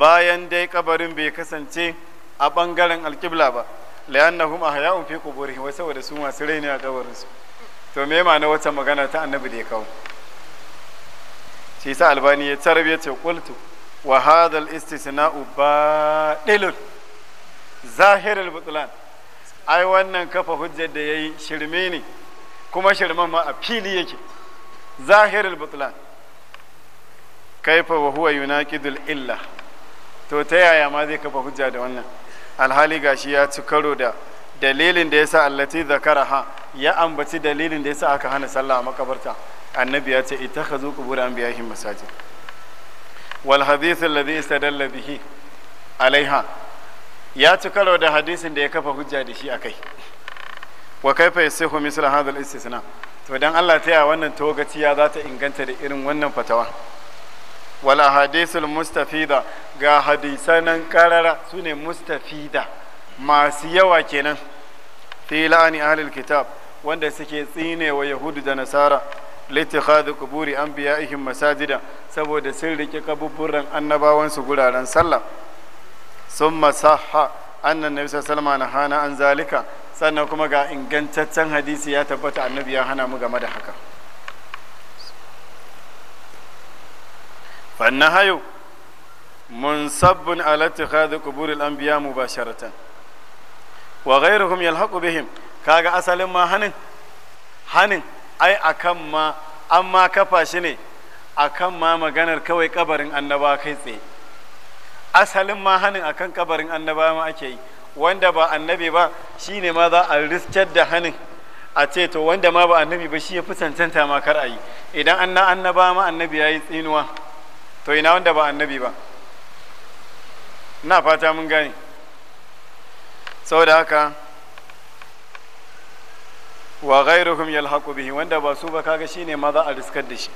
bayan dai kabarin bai kasance a bangaren alkibla ba la'annahum ahya'un fi quburihim wa saboda su masu rai ne a kabarin su to me ma na wata magana ta annabi da ya kawo shi sa albani ya tarbiya ce kultu wa hadal al-istisna'u badilun zahir albutlan ai wannan kafa hujjar da yayi shirme ne kuma shirman ma a fili yake zahir albutlan kaifa wa huwa yunaqidul illa to ta yaya ma zai kafa hujja da wannan alhali gashi ya ci karo da dalilin da yasa allati zakaraha ya ambaci dalilin da yasa aka hana sallah a makabarta annabi ya ce ittakhadhu qubur anbiya'ihim masajid wal hadith alladhi istadalla bihi alaiha ya ci karo da hadisin da ya kafa hujja da shi kai wa kaifa yasihu misl hadha istisna to dan Allah ta ya wannan togaciya za ta inganta da irin wannan fatawa wal ahadithul mustafida ga hadisanan karara sune mustafida masu yawa kenan fi la'ani ahlul kitab wanda suke tsinewa yahudu da nasara an biya anbiya'ihim masajida saboda sun rike kaburburan annabawan su guraren sallah summa sahha anna nabi salma na hana an zalika sannan kuma ga ingantaccen hadisi ya tabbata annabi ya hana mu game da haka fannahayu munsabbun ala kuburi quburi mu ba mubasharatan wa ghayruhum yalhaqu bihim kaga asalin ma hanin hanin ai a kan ma an ma kafa shi ne a kan ma maganar kawai kabarin annaba kai tsaye asalin ma hanin kan kabarin annaba ma ake yi wanda ba annabi ba shi ne ma za a riskar da hanin a ce to wanda ma ba annabi ba shi ya fi cancanta ma kar a yi idan an na annaba ma annabi ya yi tsinuwa to ina wanda ba annabi ba na fata mun gane saboda haka wa ghairuhum yalhaqu bihi wanda ba su ba kaga shine ma za a riskar da shi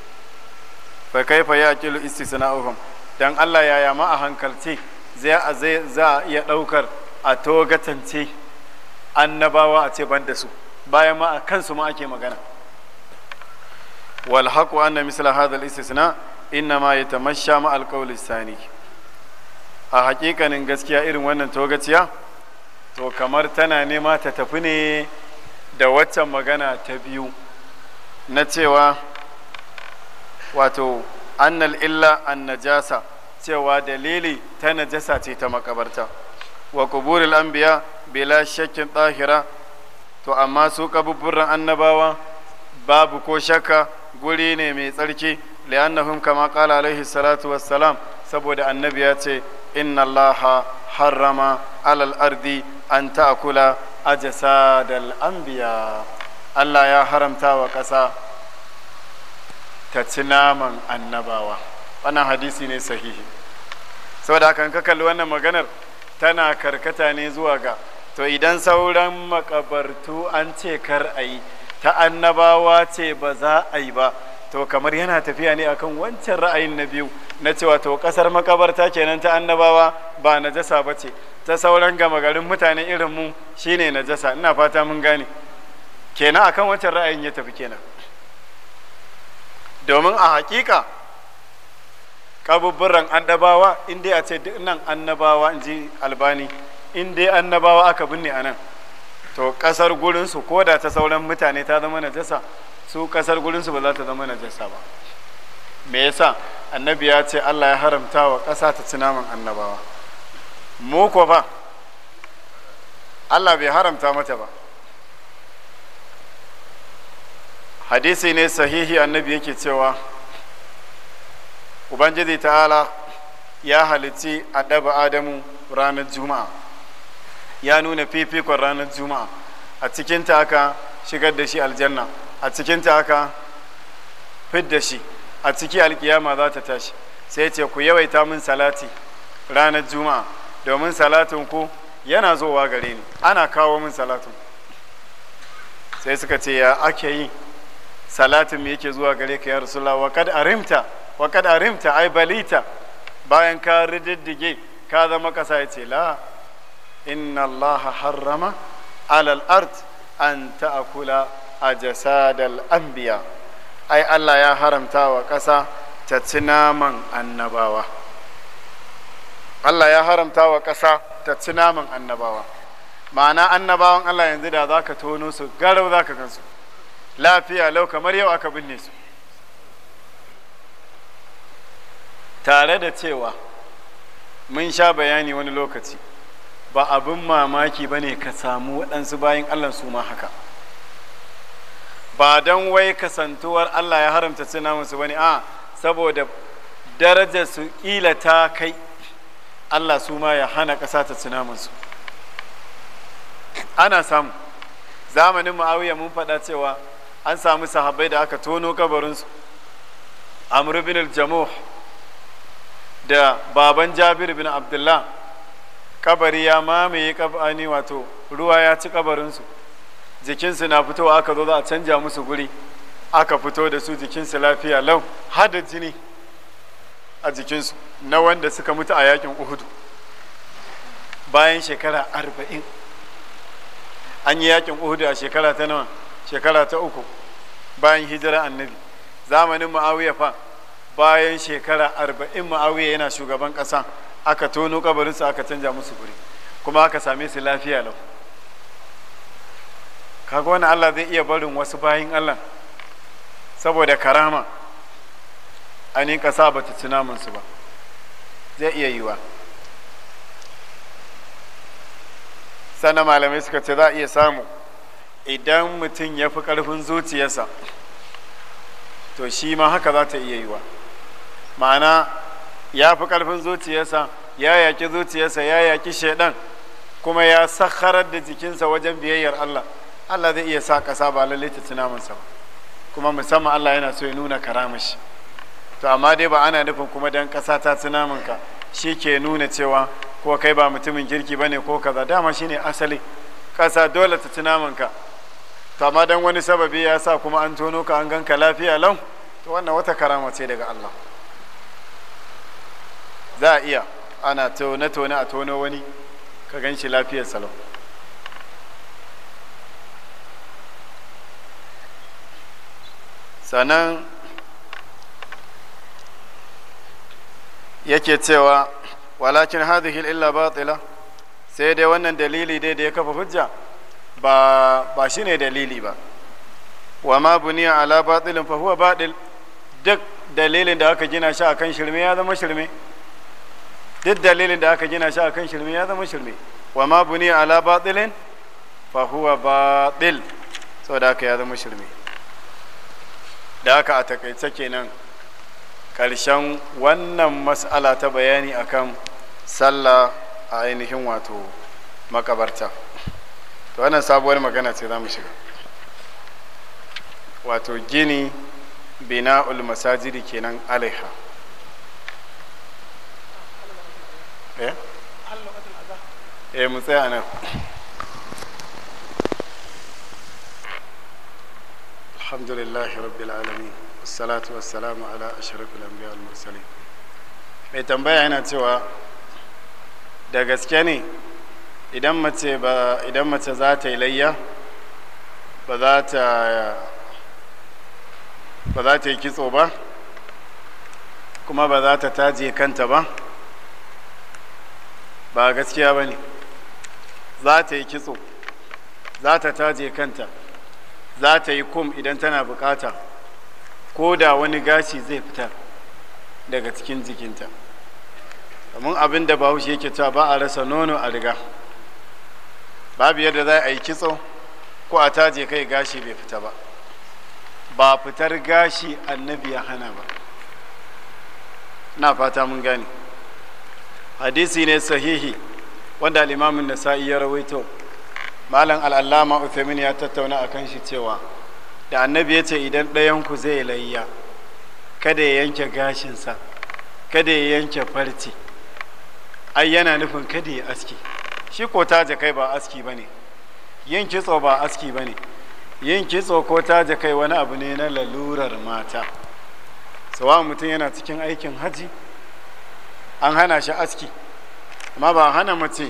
fa kaifa yaqilu istisna'uhum dan Allah yaya ma a hankalce zai za a iya daukar a togatance annabawa a ce ban da su bayan ma a kansu ma ake magana wal haqu anna misla hadha al istisna inna ma yatamashsha ma al qawl sani a hakikanin gaskiya irin wannan togaciya to kamar tana nema ta tafi ne da waccan magana ta biyu na cewa wato annal illa an najasa cewa dalili ta najasa ce ta makabarta wa kuburil anbiya bila shakkin tsahira to amma su kaburburan annabawa babu ko shakka guri ne mai tsarki li'annahum kama qala alaihi salatu wassalam saboda annabi ya ce inna allaha harrama alal ardi an ta'kula ajsadal anbiya Allah ya haramta wa ƙasa ta ci naman annabawa wannan hadisi ne sahihi saboda wannan maganar tana karkata ne zuwa ga to idan sauran makabartu an ce kar a yi ta annabawa ce ba za a yi ba to kamar yana tafiya ne akan wancan ra'ayin na biyu na cewa to kasar makabarta kenan ta annabawa ba najasa ba ce ta sauran gama garin mutane irin mu shine najasa ina fata mun gane kenan akan wancan ra'ayin ya tafi kenan domin a hakika kabubburan annabawa in dai a ce duk nan annabawa in ji albani in dai annabawa aka binne a nan to kasar gurinsu ko da ta sauran mutane ta zama najasa su kasar gurinsu ba za ta zama najasa ba me yasa annabi ya ce Allah ya haramta wa ƙasa ta ci naman annabawa mu ko ba Allah bai haramta mata ba hadisi ne sahihi annabi yake cewa ubangiji ta'ala ya halitti adaba adamu ranar juma'a ya nuna fifikon ranar juma'a a cikinta aka shigar da shi aljanna a cikinta haka fidda shi a ciki alkiyama za ta tashi sai ce ku yawaita min salati ranar juma'a domin salatin ku yana zowa gare ni ana kawo min salatin sai suka ce ya ake yi salatin mai yake zuwa gare ka ya rasulullah wa kad arimta wa arimta ai balita bayan ka rididdige ka zama kasa ya ce la inna allaha harrama alal ard an ta'kula a jasadal anbiya ai Allah ya haramta wa ƙasa ta ci naman annabawa Allah ya haramta wa ƙasa ta ci naman annabawa ma'ana annabawan Allah yanzu da za ka tono su garau za ka gansu lafiya lau kamar yau aka binne su tare da cewa mun sha bayani wani lokaci ba abin mamaki ba ne ka samu waɗansu bayan Allah su ma haka ba don wai kasantuwar Allah ya haramta suna musu ba ne a saboda darajar su ƙila ta kai Allah su ma ya hana ƙasa ta suna musu ana samu zamanin ma'awiya mun faɗa cewa an samu sahabbai da aka tono kabarinsu amr bin da baban jabir bin abdullah kabari ya mamaye kabani wato ruwa ya ci kabarinsu jikinsu na fitowa aka zo za a canja musu guri aka fito da su jikinsu lafiya lau hada jini a jikinsu na wanda suka mutu a yakin uhudu bayan shekara arba'in an yi yakin uhudu a shekara ta nawa shekara ta uku bayan hijira annabi zamanin ma'awiya fa bayan shekara arba'in ma'awiya yana shugaban ƙasa aka tono kabarinsu aka canja musu guri kuma aka same su lafiya lau kaga wani Allah zai iya barin wasu bayin Allah saboda karama a ni kasa ba ta ci namansu ba zai iya yiwa sannan malamai suka ce za a iya samu idan mutum ya fi ƙarfin zuciyarsa to shi ma haka za ta iya yiwa ma'ana ya fi ƙarfin zuciyarsa ya yaki zuciyarsa ya yaki shaidan kuma ya sakharar da jikinsa wajen biyayyar Allah Allah zai iya sa ƙasa ba lalle ta ci namansa ba kuma musamman Allah yana so ya nuna shi to amma dai ba ana nufin kuma dan ƙasa ta ci namanka shi ke nuna cewa ko kai ba mutumin ba ne ko kaza dama shine asali ƙasa dole ta ci namanka to amma dan wani sababi ya sa kuma an tono ka an ganka lafiya lau to wannan wata karama ce daga Allah za a iya ana tone-tone a tono wani ka gan shi lafiyar salon sannan yake cewa walakin hadhihi illa batila sai dai wannan dalili dai da ya kafa hujja ba ba shine dalili ba wa ma buniya ala batilin fa huwa batil duk dalilin da aka gina shi akan shirme ya zama shirme duk dalilin da aka gina shi akan shirme ya zama shirme wa ma buniya ala batilin fa huwa batil saboda aka ya zama shirme da haka a takaice kenan ƙarshen wannan mas'ala ta bayani a kan sallah a ainihin wato makabarta to wannan sabuwar magana ce za mu shiga wato gini bina ulmasajidi kenan alaiha eh, eh mu tsaya nan الحمد لله رب العالمين والصلاة والسلام على أشرف الأنبياء والمرسلين mai tambaya yana cewa da gaske ne idan mace ba za ta yi layya ba za ba za ta yi kitso ba kuma ba za ta taje kanta ba ba gaskiya ba ne za ta yi kitso za ta taje kanta za ta yi kum idan tana bukata ko da wani gashi zai fita daga cikin jikinta domin abin da bahaushe yake cewa ba a rasa nono a riga babu yadda za a yi kitso ko a taje kai gashi bai fita ba ba fitar gashi annabi ya hana ba na fata mun gane hadisi ne sahihi wanda limamin nasa'i ya rawaito malam al'allama uthamin ya tattauna a kan shi cewa da annabi ya ce idan ɗayanku zai layya kada ya yanke gashinsa kada ya yanke farci ai yana nufin kada ya aski shi ko taje kai ba aski ba ne yin kitso ba aski ba ne yin kitso ko taje kai wani abu ne na lalurar mata sawa mutum yana cikin aikin haji an hana shi aski amma ba hana mace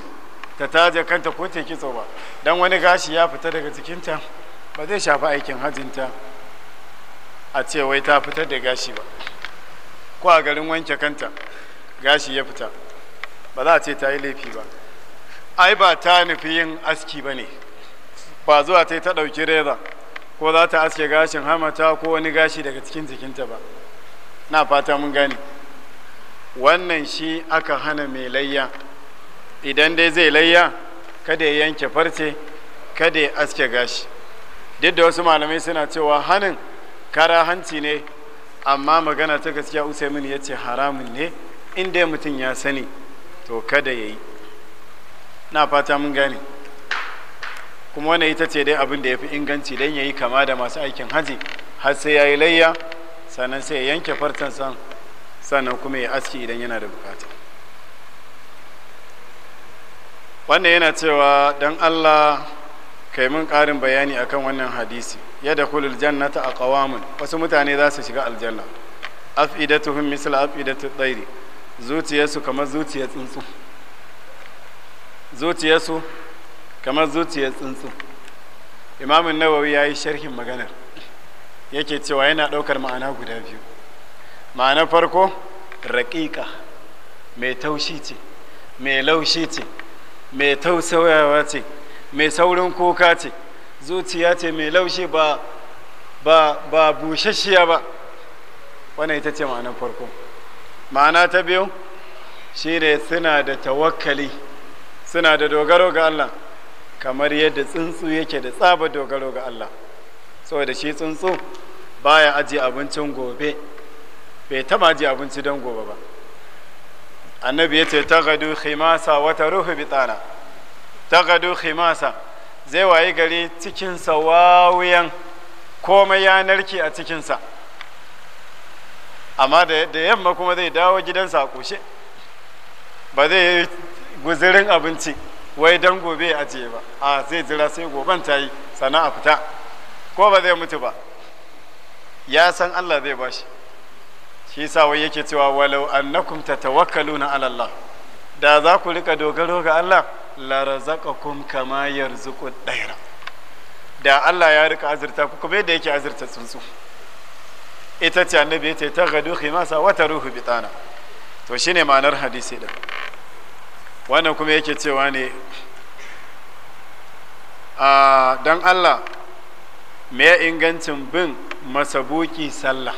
ta taje kanta ko ta kitso ba dan wani gashi ya fita daga jikinta ba zai shafi aikin hajinta a ce wai ta fitar da gashi ba ko a garin wanke kanta gashi ya fita ba za a ce ta yi laifi ba ai ba ta nufi yin aski ba ne ba zuwa ta ta ɗauki reza ko za ta aske gashin hamata ko wani gashi daga cikin jikinta ba na fata mun gane wannan shi aka hana mai layya idan dai zai layya kada ya yanke farce kada ya aske gashi duk da wasu malamai suna cewa hannun kara hanci ne amma magana ta gaskiya usaimin ya ce haramun ne inda mutum ya sani to kada ya yi na fata mun gane kuma wannan ita ce dai abin da ya fi inganci don ya yi kama da masu aikin haji har sai ya yi layya sannan sai ya yanke farcen sannan kuma ya aski idan yana da bukata wannan yana cewa don allah kai mun ƙarin bayani akan wannan hadisi yadda kulul jannata a ƙawamun wasu mutane za su shiga aljanna afidatuhum misal afidatu tsairi zuciyarsu kamar zuciyar tsuntsu zuciyarsu kamar zuciyar tsuntsu imamun nawawi ya yi sharhin maganar yake cewa yana ɗaukar ma'ana guda biyu ma'ana farko raƙiƙa mai taushi ce mai laushi ce mai tausayawa ce mai saurin kuka ce zuciya ce mai laushi ba ba ba bushashiya ba wannan ita ce ma'anar farko ma'ana ta biyu ne suna da tawakkali suna da dogaro ga Allah kamar yadda tsuntsu yake da tsaba dogaro ga Allah saboda shi tsuntsu baya ajiye abincin gobe bai taba ajiye abinci don gobe ba annabi ya ce ta gado khimasa wata ruhu bitana ta gado khimasa zai wayi gari cikinsa wawuyan komai ya narke a cikinsa amma da yamma kuma zai dawo gidansa a kushe ba zai yi guzirin abinci wai don gobe a ajiye ba a zai jira sai goban ta yi sana'a fita ko ba zai mutu ba ya san allah zai bashi shi yasa wai yake cewa walau annakum tatawakkaluna ala Allah da za ku rika dogaro ga Allah la razaqakum kama yarzuqu dayra da Allah ya rika azurta ku kuma yadda yake azurta tsuntsu ita ce annabi ta ta gadu khimasa wata ruhu bitana to shine ma'anar hadisi da wannan kuma yake cewa ne a don Allah me ingancin bin masabuki sallah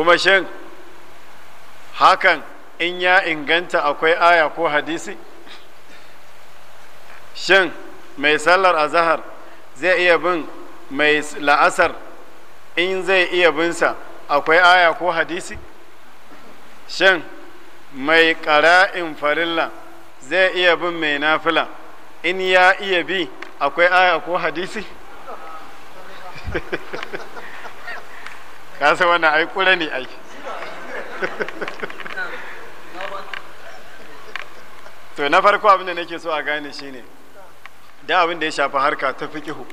kuma shin hakan in ya inganta akwai aya ko hadisi shin mai sallar azahar zai iya bin mai la'asar in zai iya binsa akwai aya ko hadisi shin mai ƙara'in farilla zai iya bin mai nafila in ya iya bi akwai aya ko hadisi ka san wannan ai ne ai to na farko abin da nake so a gane shine da abin da ya shafi harka ta fikihu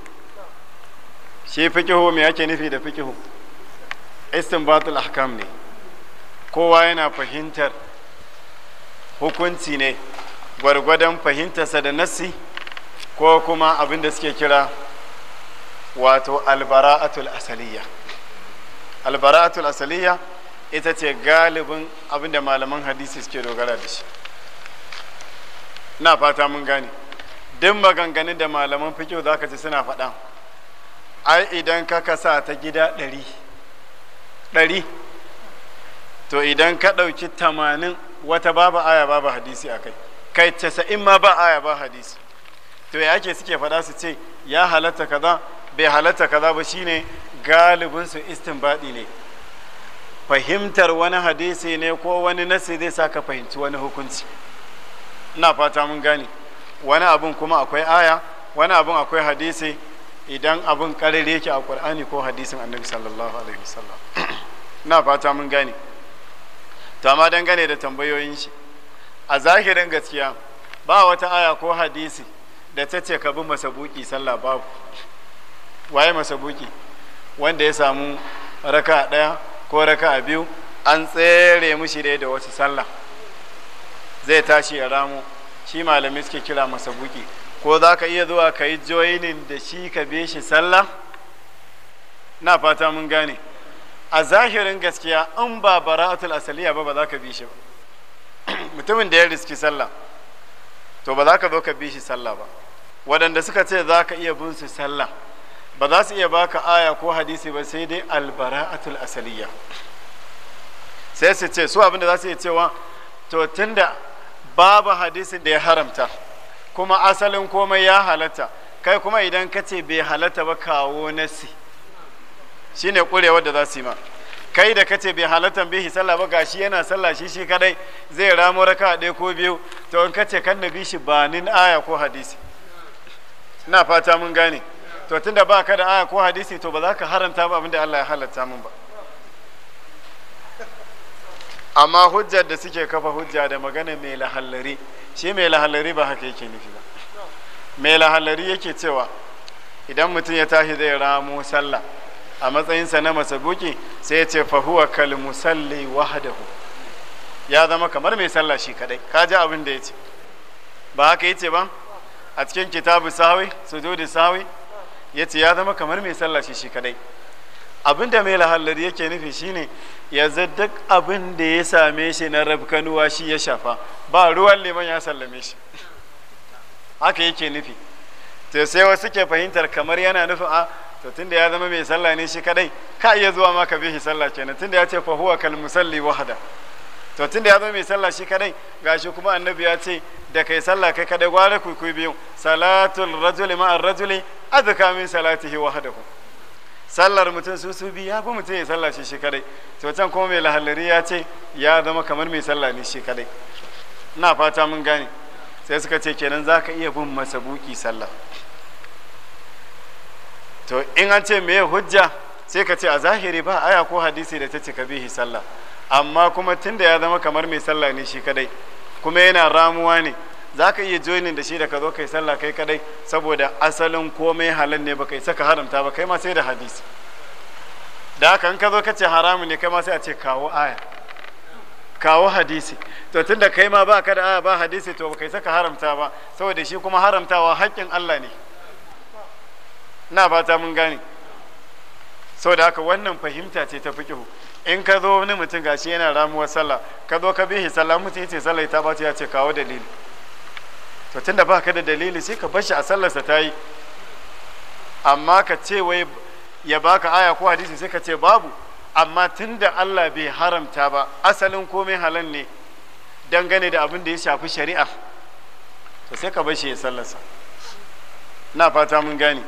shi fikihu me ake nufi da fikihu istinbatul ahkam ne kowa yana fahimtar hukunci ne gwargwadon fahimtarsa da nassi ko kuma abin da suke kira wato albara'atul asaliya albara'atul asaliya ita ce galibin abinda malaman hadisi suke dogara da shi na fata mun gane duk maganganun da malaman fikiyo za ka ji suna faɗa ai idan ka kasa ta gida ɗari ɗari to idan ka ɗauki tamanin wata babu aya babu hadisi a kai kai casa'in ma ba aya ba hadisi to ya ake suke faɗa su ce ya halatta kaza bai halatta kaza ba shine galibinsu istinbadi ne fahimtar wani hadisi ne ko wani nasi zai sa ka fahimci wani hukunci ina fata mun gane wani abun kuma akwai aya wani abun akwai hadisi idan abun karere yake a qur'ani ko hadisin annabi sallallahu alaihi wasallam ina fata mun gane to amma dangane da tambayoyin shi a zahirin gaskiya ba wata aya ko hadisi da ta ce ka bi masabuki sallah babu waye masabuki wanda ya samu raka ɗaya ko raka biyu an tsere mushi dai da wasu sallah zai tashi ya ramu shi malamai suke kira masa buki ko za ka iya zuwa ka yi joinin da shi ka be shi sallah na fata mun gane a zahirin gaskiya in ba bara'atul asaliya ba ba za ka bi shi ba mutumin da ya riski sallah to ba za ka zo ka bi shi sallah ba waɗanda suka ce za ka iya bin su sallah ba za su iya baka aya ko hadisi ba sai dai albara'atul asaliya sai su ce su abinda za su iya cewa to tunda babu hadisin da ya haramta kuma asalin komai ya halatta kai kuma idan ka ce bai halatta ba kawo nasi ne kurewar da za su yi ma kai da kace bai halattan bihi sallah ba shi yana sallah shi shi kadai zai ramo raka ɗaya ko biyu to in kace kan na bi shi banin aya ko hadisi ina fata mun gane to tunda ba ka da aya ko hadisi to ba za ka haramta ba abinda Allah ya halatta min ba amma hujjar da suke kafa hujja da magana mai lahallari shi mai lahallari ba haka yake nufi ba mai lahallari yake cewa idan mutum ya tashi zai ramo sallah a matsayinsa na masabuki sai ya ce fahuwa kal musalli wahdahu ya zama kamar mai sallah shi kadai ka ji abin da ya ce ba haka yace ba a cikin kitabu sawi sujudi sawi ya ce ya zama kamar mai sallah shi shi kadai abin da mai lahallari yake nufi shine ya duk abin da ya same shi na rabkanuwa shi ya shafa ba ruwan liman ya sallame shi haka yake nufi to sai wasu ke fahimtar kamar yana nufin a ah, to tunda ya zama mai sallah ne shi kadai ka iya zuwa ma ka bi shi sallah kenan tunda ya ce fa huwa kal musalli wahda to tunda ya zama mai sallah shi kadai gashi kuma annabi ya ce da kai sallah kai kadai gware ku ku biyu salatul rajuli ma rajuli azka min salatihi wahdahu sallar mutum su su bi ya fi mutum ya sallah shi shi kadai to can kuma mai lahalari ya ce ya zama kamar mai sallah ne shi kadai ina fata mun gane sai suka ce kenan za iya bin masabuki sallah to in an ce meye hujja sai ka ce a zahiri ba aya ko hadisi da ta ce ka bihi sallah amma kuma tunda ya zama kamar mai sallah ne shi kadai kuma yana ramuwa ne za ka iya joinin da shi da ka zo kai sallah kai kadai saboda asalin komai halal ne baka isa ka haramta ba kai ma sai da hadisi da haka in ka zo ka ce haramu ne kai ma sai a ce kawo aya kawo hadisi to tunda kai ma ba ka da aya ba hadisi to baka isa ka haramta ba saboda shi kuma haramtawa haƙƙin Allah ne na fata mun gane saboda haka wannan fahimta ce ta fiƙihu in ka zo wani mutum gashi yana ramuwar sallah ka zo ka bi shi sallah mutum ya ce sallah ta ba ya ce kawo dalili to tunda ba ka da dalili sai ka bashi a sallarsa ta yi amma ka ce wai ya baka aya ko hadisi sai ka ce babu amma tunda Allah bai haramta ba asalin komai halal ne dangane da abin da ya shafi shari'a to sai ka bashi ya sallarsa na fata mun gane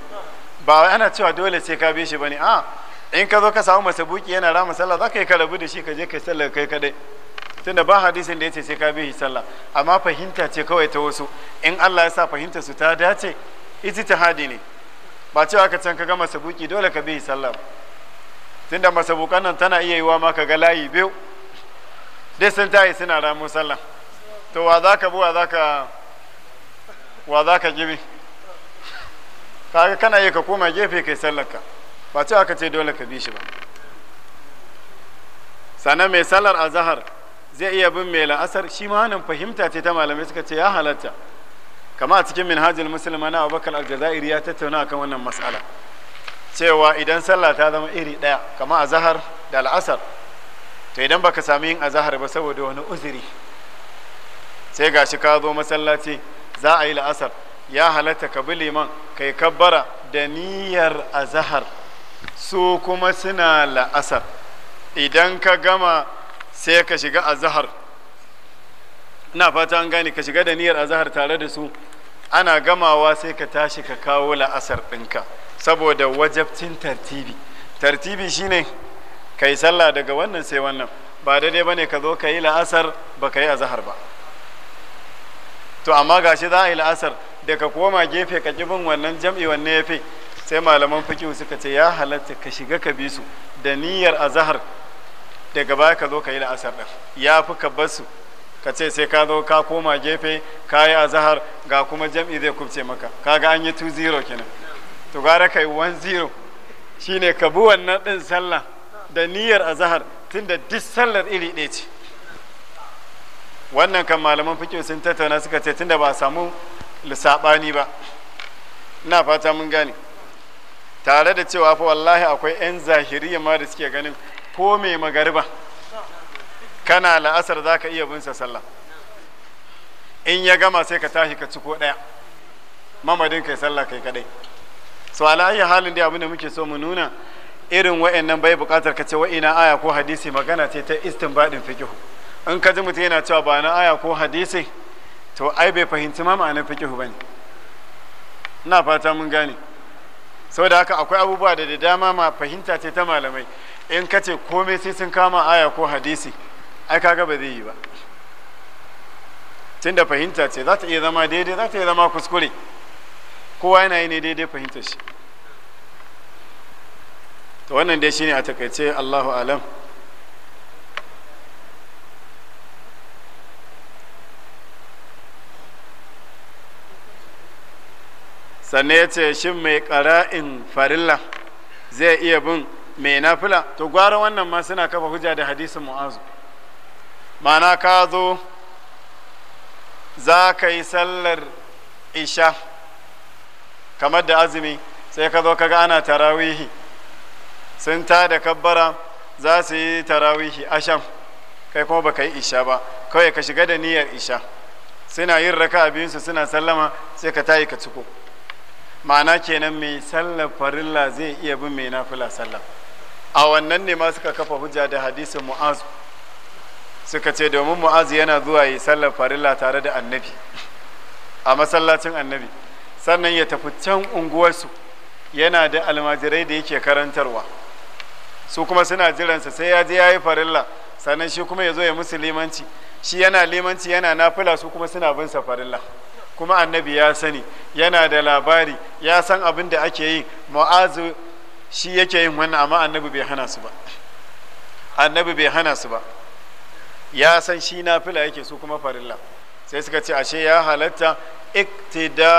ba wai ana cewa dole sai ka bi shi bane a in ka zo ka samu masabuki yana rama sallah za ka yi ka rabu da shi ka je ka sallar kai kadai tunda ba hadisin da yace sai ka bi sallah amma fahimta ce kawai ta wasu in Allah ya sa fahimta su ta dace hadi ne ba cewa ka can ka ga masabuki dole ka bi sallah tunda masabukan nan tana iya yiwa ma ka ga layi biyu dai sun tayi suna ramu sallah to wa zaka bi wa zaka wa zaka gibi kaga kana yi ka koma gefe kai sallarka ba cewa ka ce dole ka bi shi ba sannan mai sallar azahar zai iya bin mai la'asar shi ma wannan fahimta ce ta malamai suka ce ya halatta kama a cikin minhajul musulma na abubakar aljazairi ya tattauna kan wannan mas'ala cewa idan sallah ta zama iri ɗaya kama a zahar da la'asar to idan baka sami yin azahar ba saboda wani uzuri sai gashi ka zo masallaci za a yi la'asar ya halatta ka bi liman kai kabbara da niyyar azahar su kuma suna la'asar idan ka gama sai ka shiga azhar ina fata an gane ka shiga da niyyar azhar tare da su ana gamawa sai ka tashi ka kawo la'asar ɗinka saboda wajabcin tartibi tartibi shine kai yi sallah daga wannan sai wannan ba daidai ba ne ka zo ka yi la'asar ba ka yi azahar ba to amma gashi za a yi la'asar da ka koma gefe ka bin wannan jam'i wannan ya fi sai malaman fikihu suka ce ya halatta ka shiga ka bi su da niyyar azahar daga baya ka zo ka yi la'asar ɗin ya fi ka basu ka ce sai ka zo ka koma gefe ka yi azahar ga kuma jam'i zai kubce maka ka ga an yi 2-0 kenan to gara ka yi 1-0 ne ka bi wannan ɗin sallah da niyyar azahar da duk sallar iri ɗaya ce wannan kan malaman fikin sun tattauna suka ce tunda ba a samu lissaɓani ba ina fata mun gane tare da cewa fa wallahi akwai 'yan zahiriya ma da suke ganin ko mai magariba kana la'asar za ka iya binsa sallah in ya gama sai ka tashi ka ci ko ɗaya mamadin kai sallah kai kadai so ala halin da abin da muke so mu nuna irin wa'annan bai bukatar ka ce wa'ina aya ko hadisi magana ce ta istinbadin fikihu in ka ji mutum yana cewa ba na aya ko hadisi to ai bai fahimci ma ma'anar fikihu bane ina fata mun gane saboda haka akwai abubuwa da da dama ma fahimta ce ta malamai in ka ce komai sai sun kama aya ko hadisi ai kaga ba zai yi ba tunda fahimta ce za ta iya zama daidai za ta iya zama kuskure kowa yana yi ne daidai fahimtar shi to wannan dai shine a takaice allahu alam sannan ya ce shin mai ƙara'in farilla zai iya bin mai nafila to gwara wannan ma suna kafa hujja da hadisin mu'azu mana ka zo za ka yi sallar isha kamar da azumi sai ka zo kaga ana tarawihi sun ta da kabbara za su yi tarawihi asham kai kuma baka yi isha ba kawai ka shiga da niyyar isha suna yin raka abinsu suna sallama sai ka tayi ka ciko ma'ana kenan mai sallar farilla zai iya bin mai nafila sallah a wannan ne ma suka kafa hujja da hadisin mu'azu suka ce domin mu'azu yana zuwa yi sallar farilla tare da annabi a masallacin annabi sannan ya tafi can unguwarsu yana da almajirai da yake karantarwa su kuma suna jiransa sai ya je ya yi farilla sannan shi kuma ya zo ya musu limanci shi yana limanci yana nafila su kuma suna bin sa farilla kuma annabi ya sani yana da labari ya san abin da ake yi mu'azu shi yake yin wannan amma annabi bai hana su ba annabi bai hana su ba ya san shi na fila yake su kuma farilla sai suka ce ashe ya halatta iktida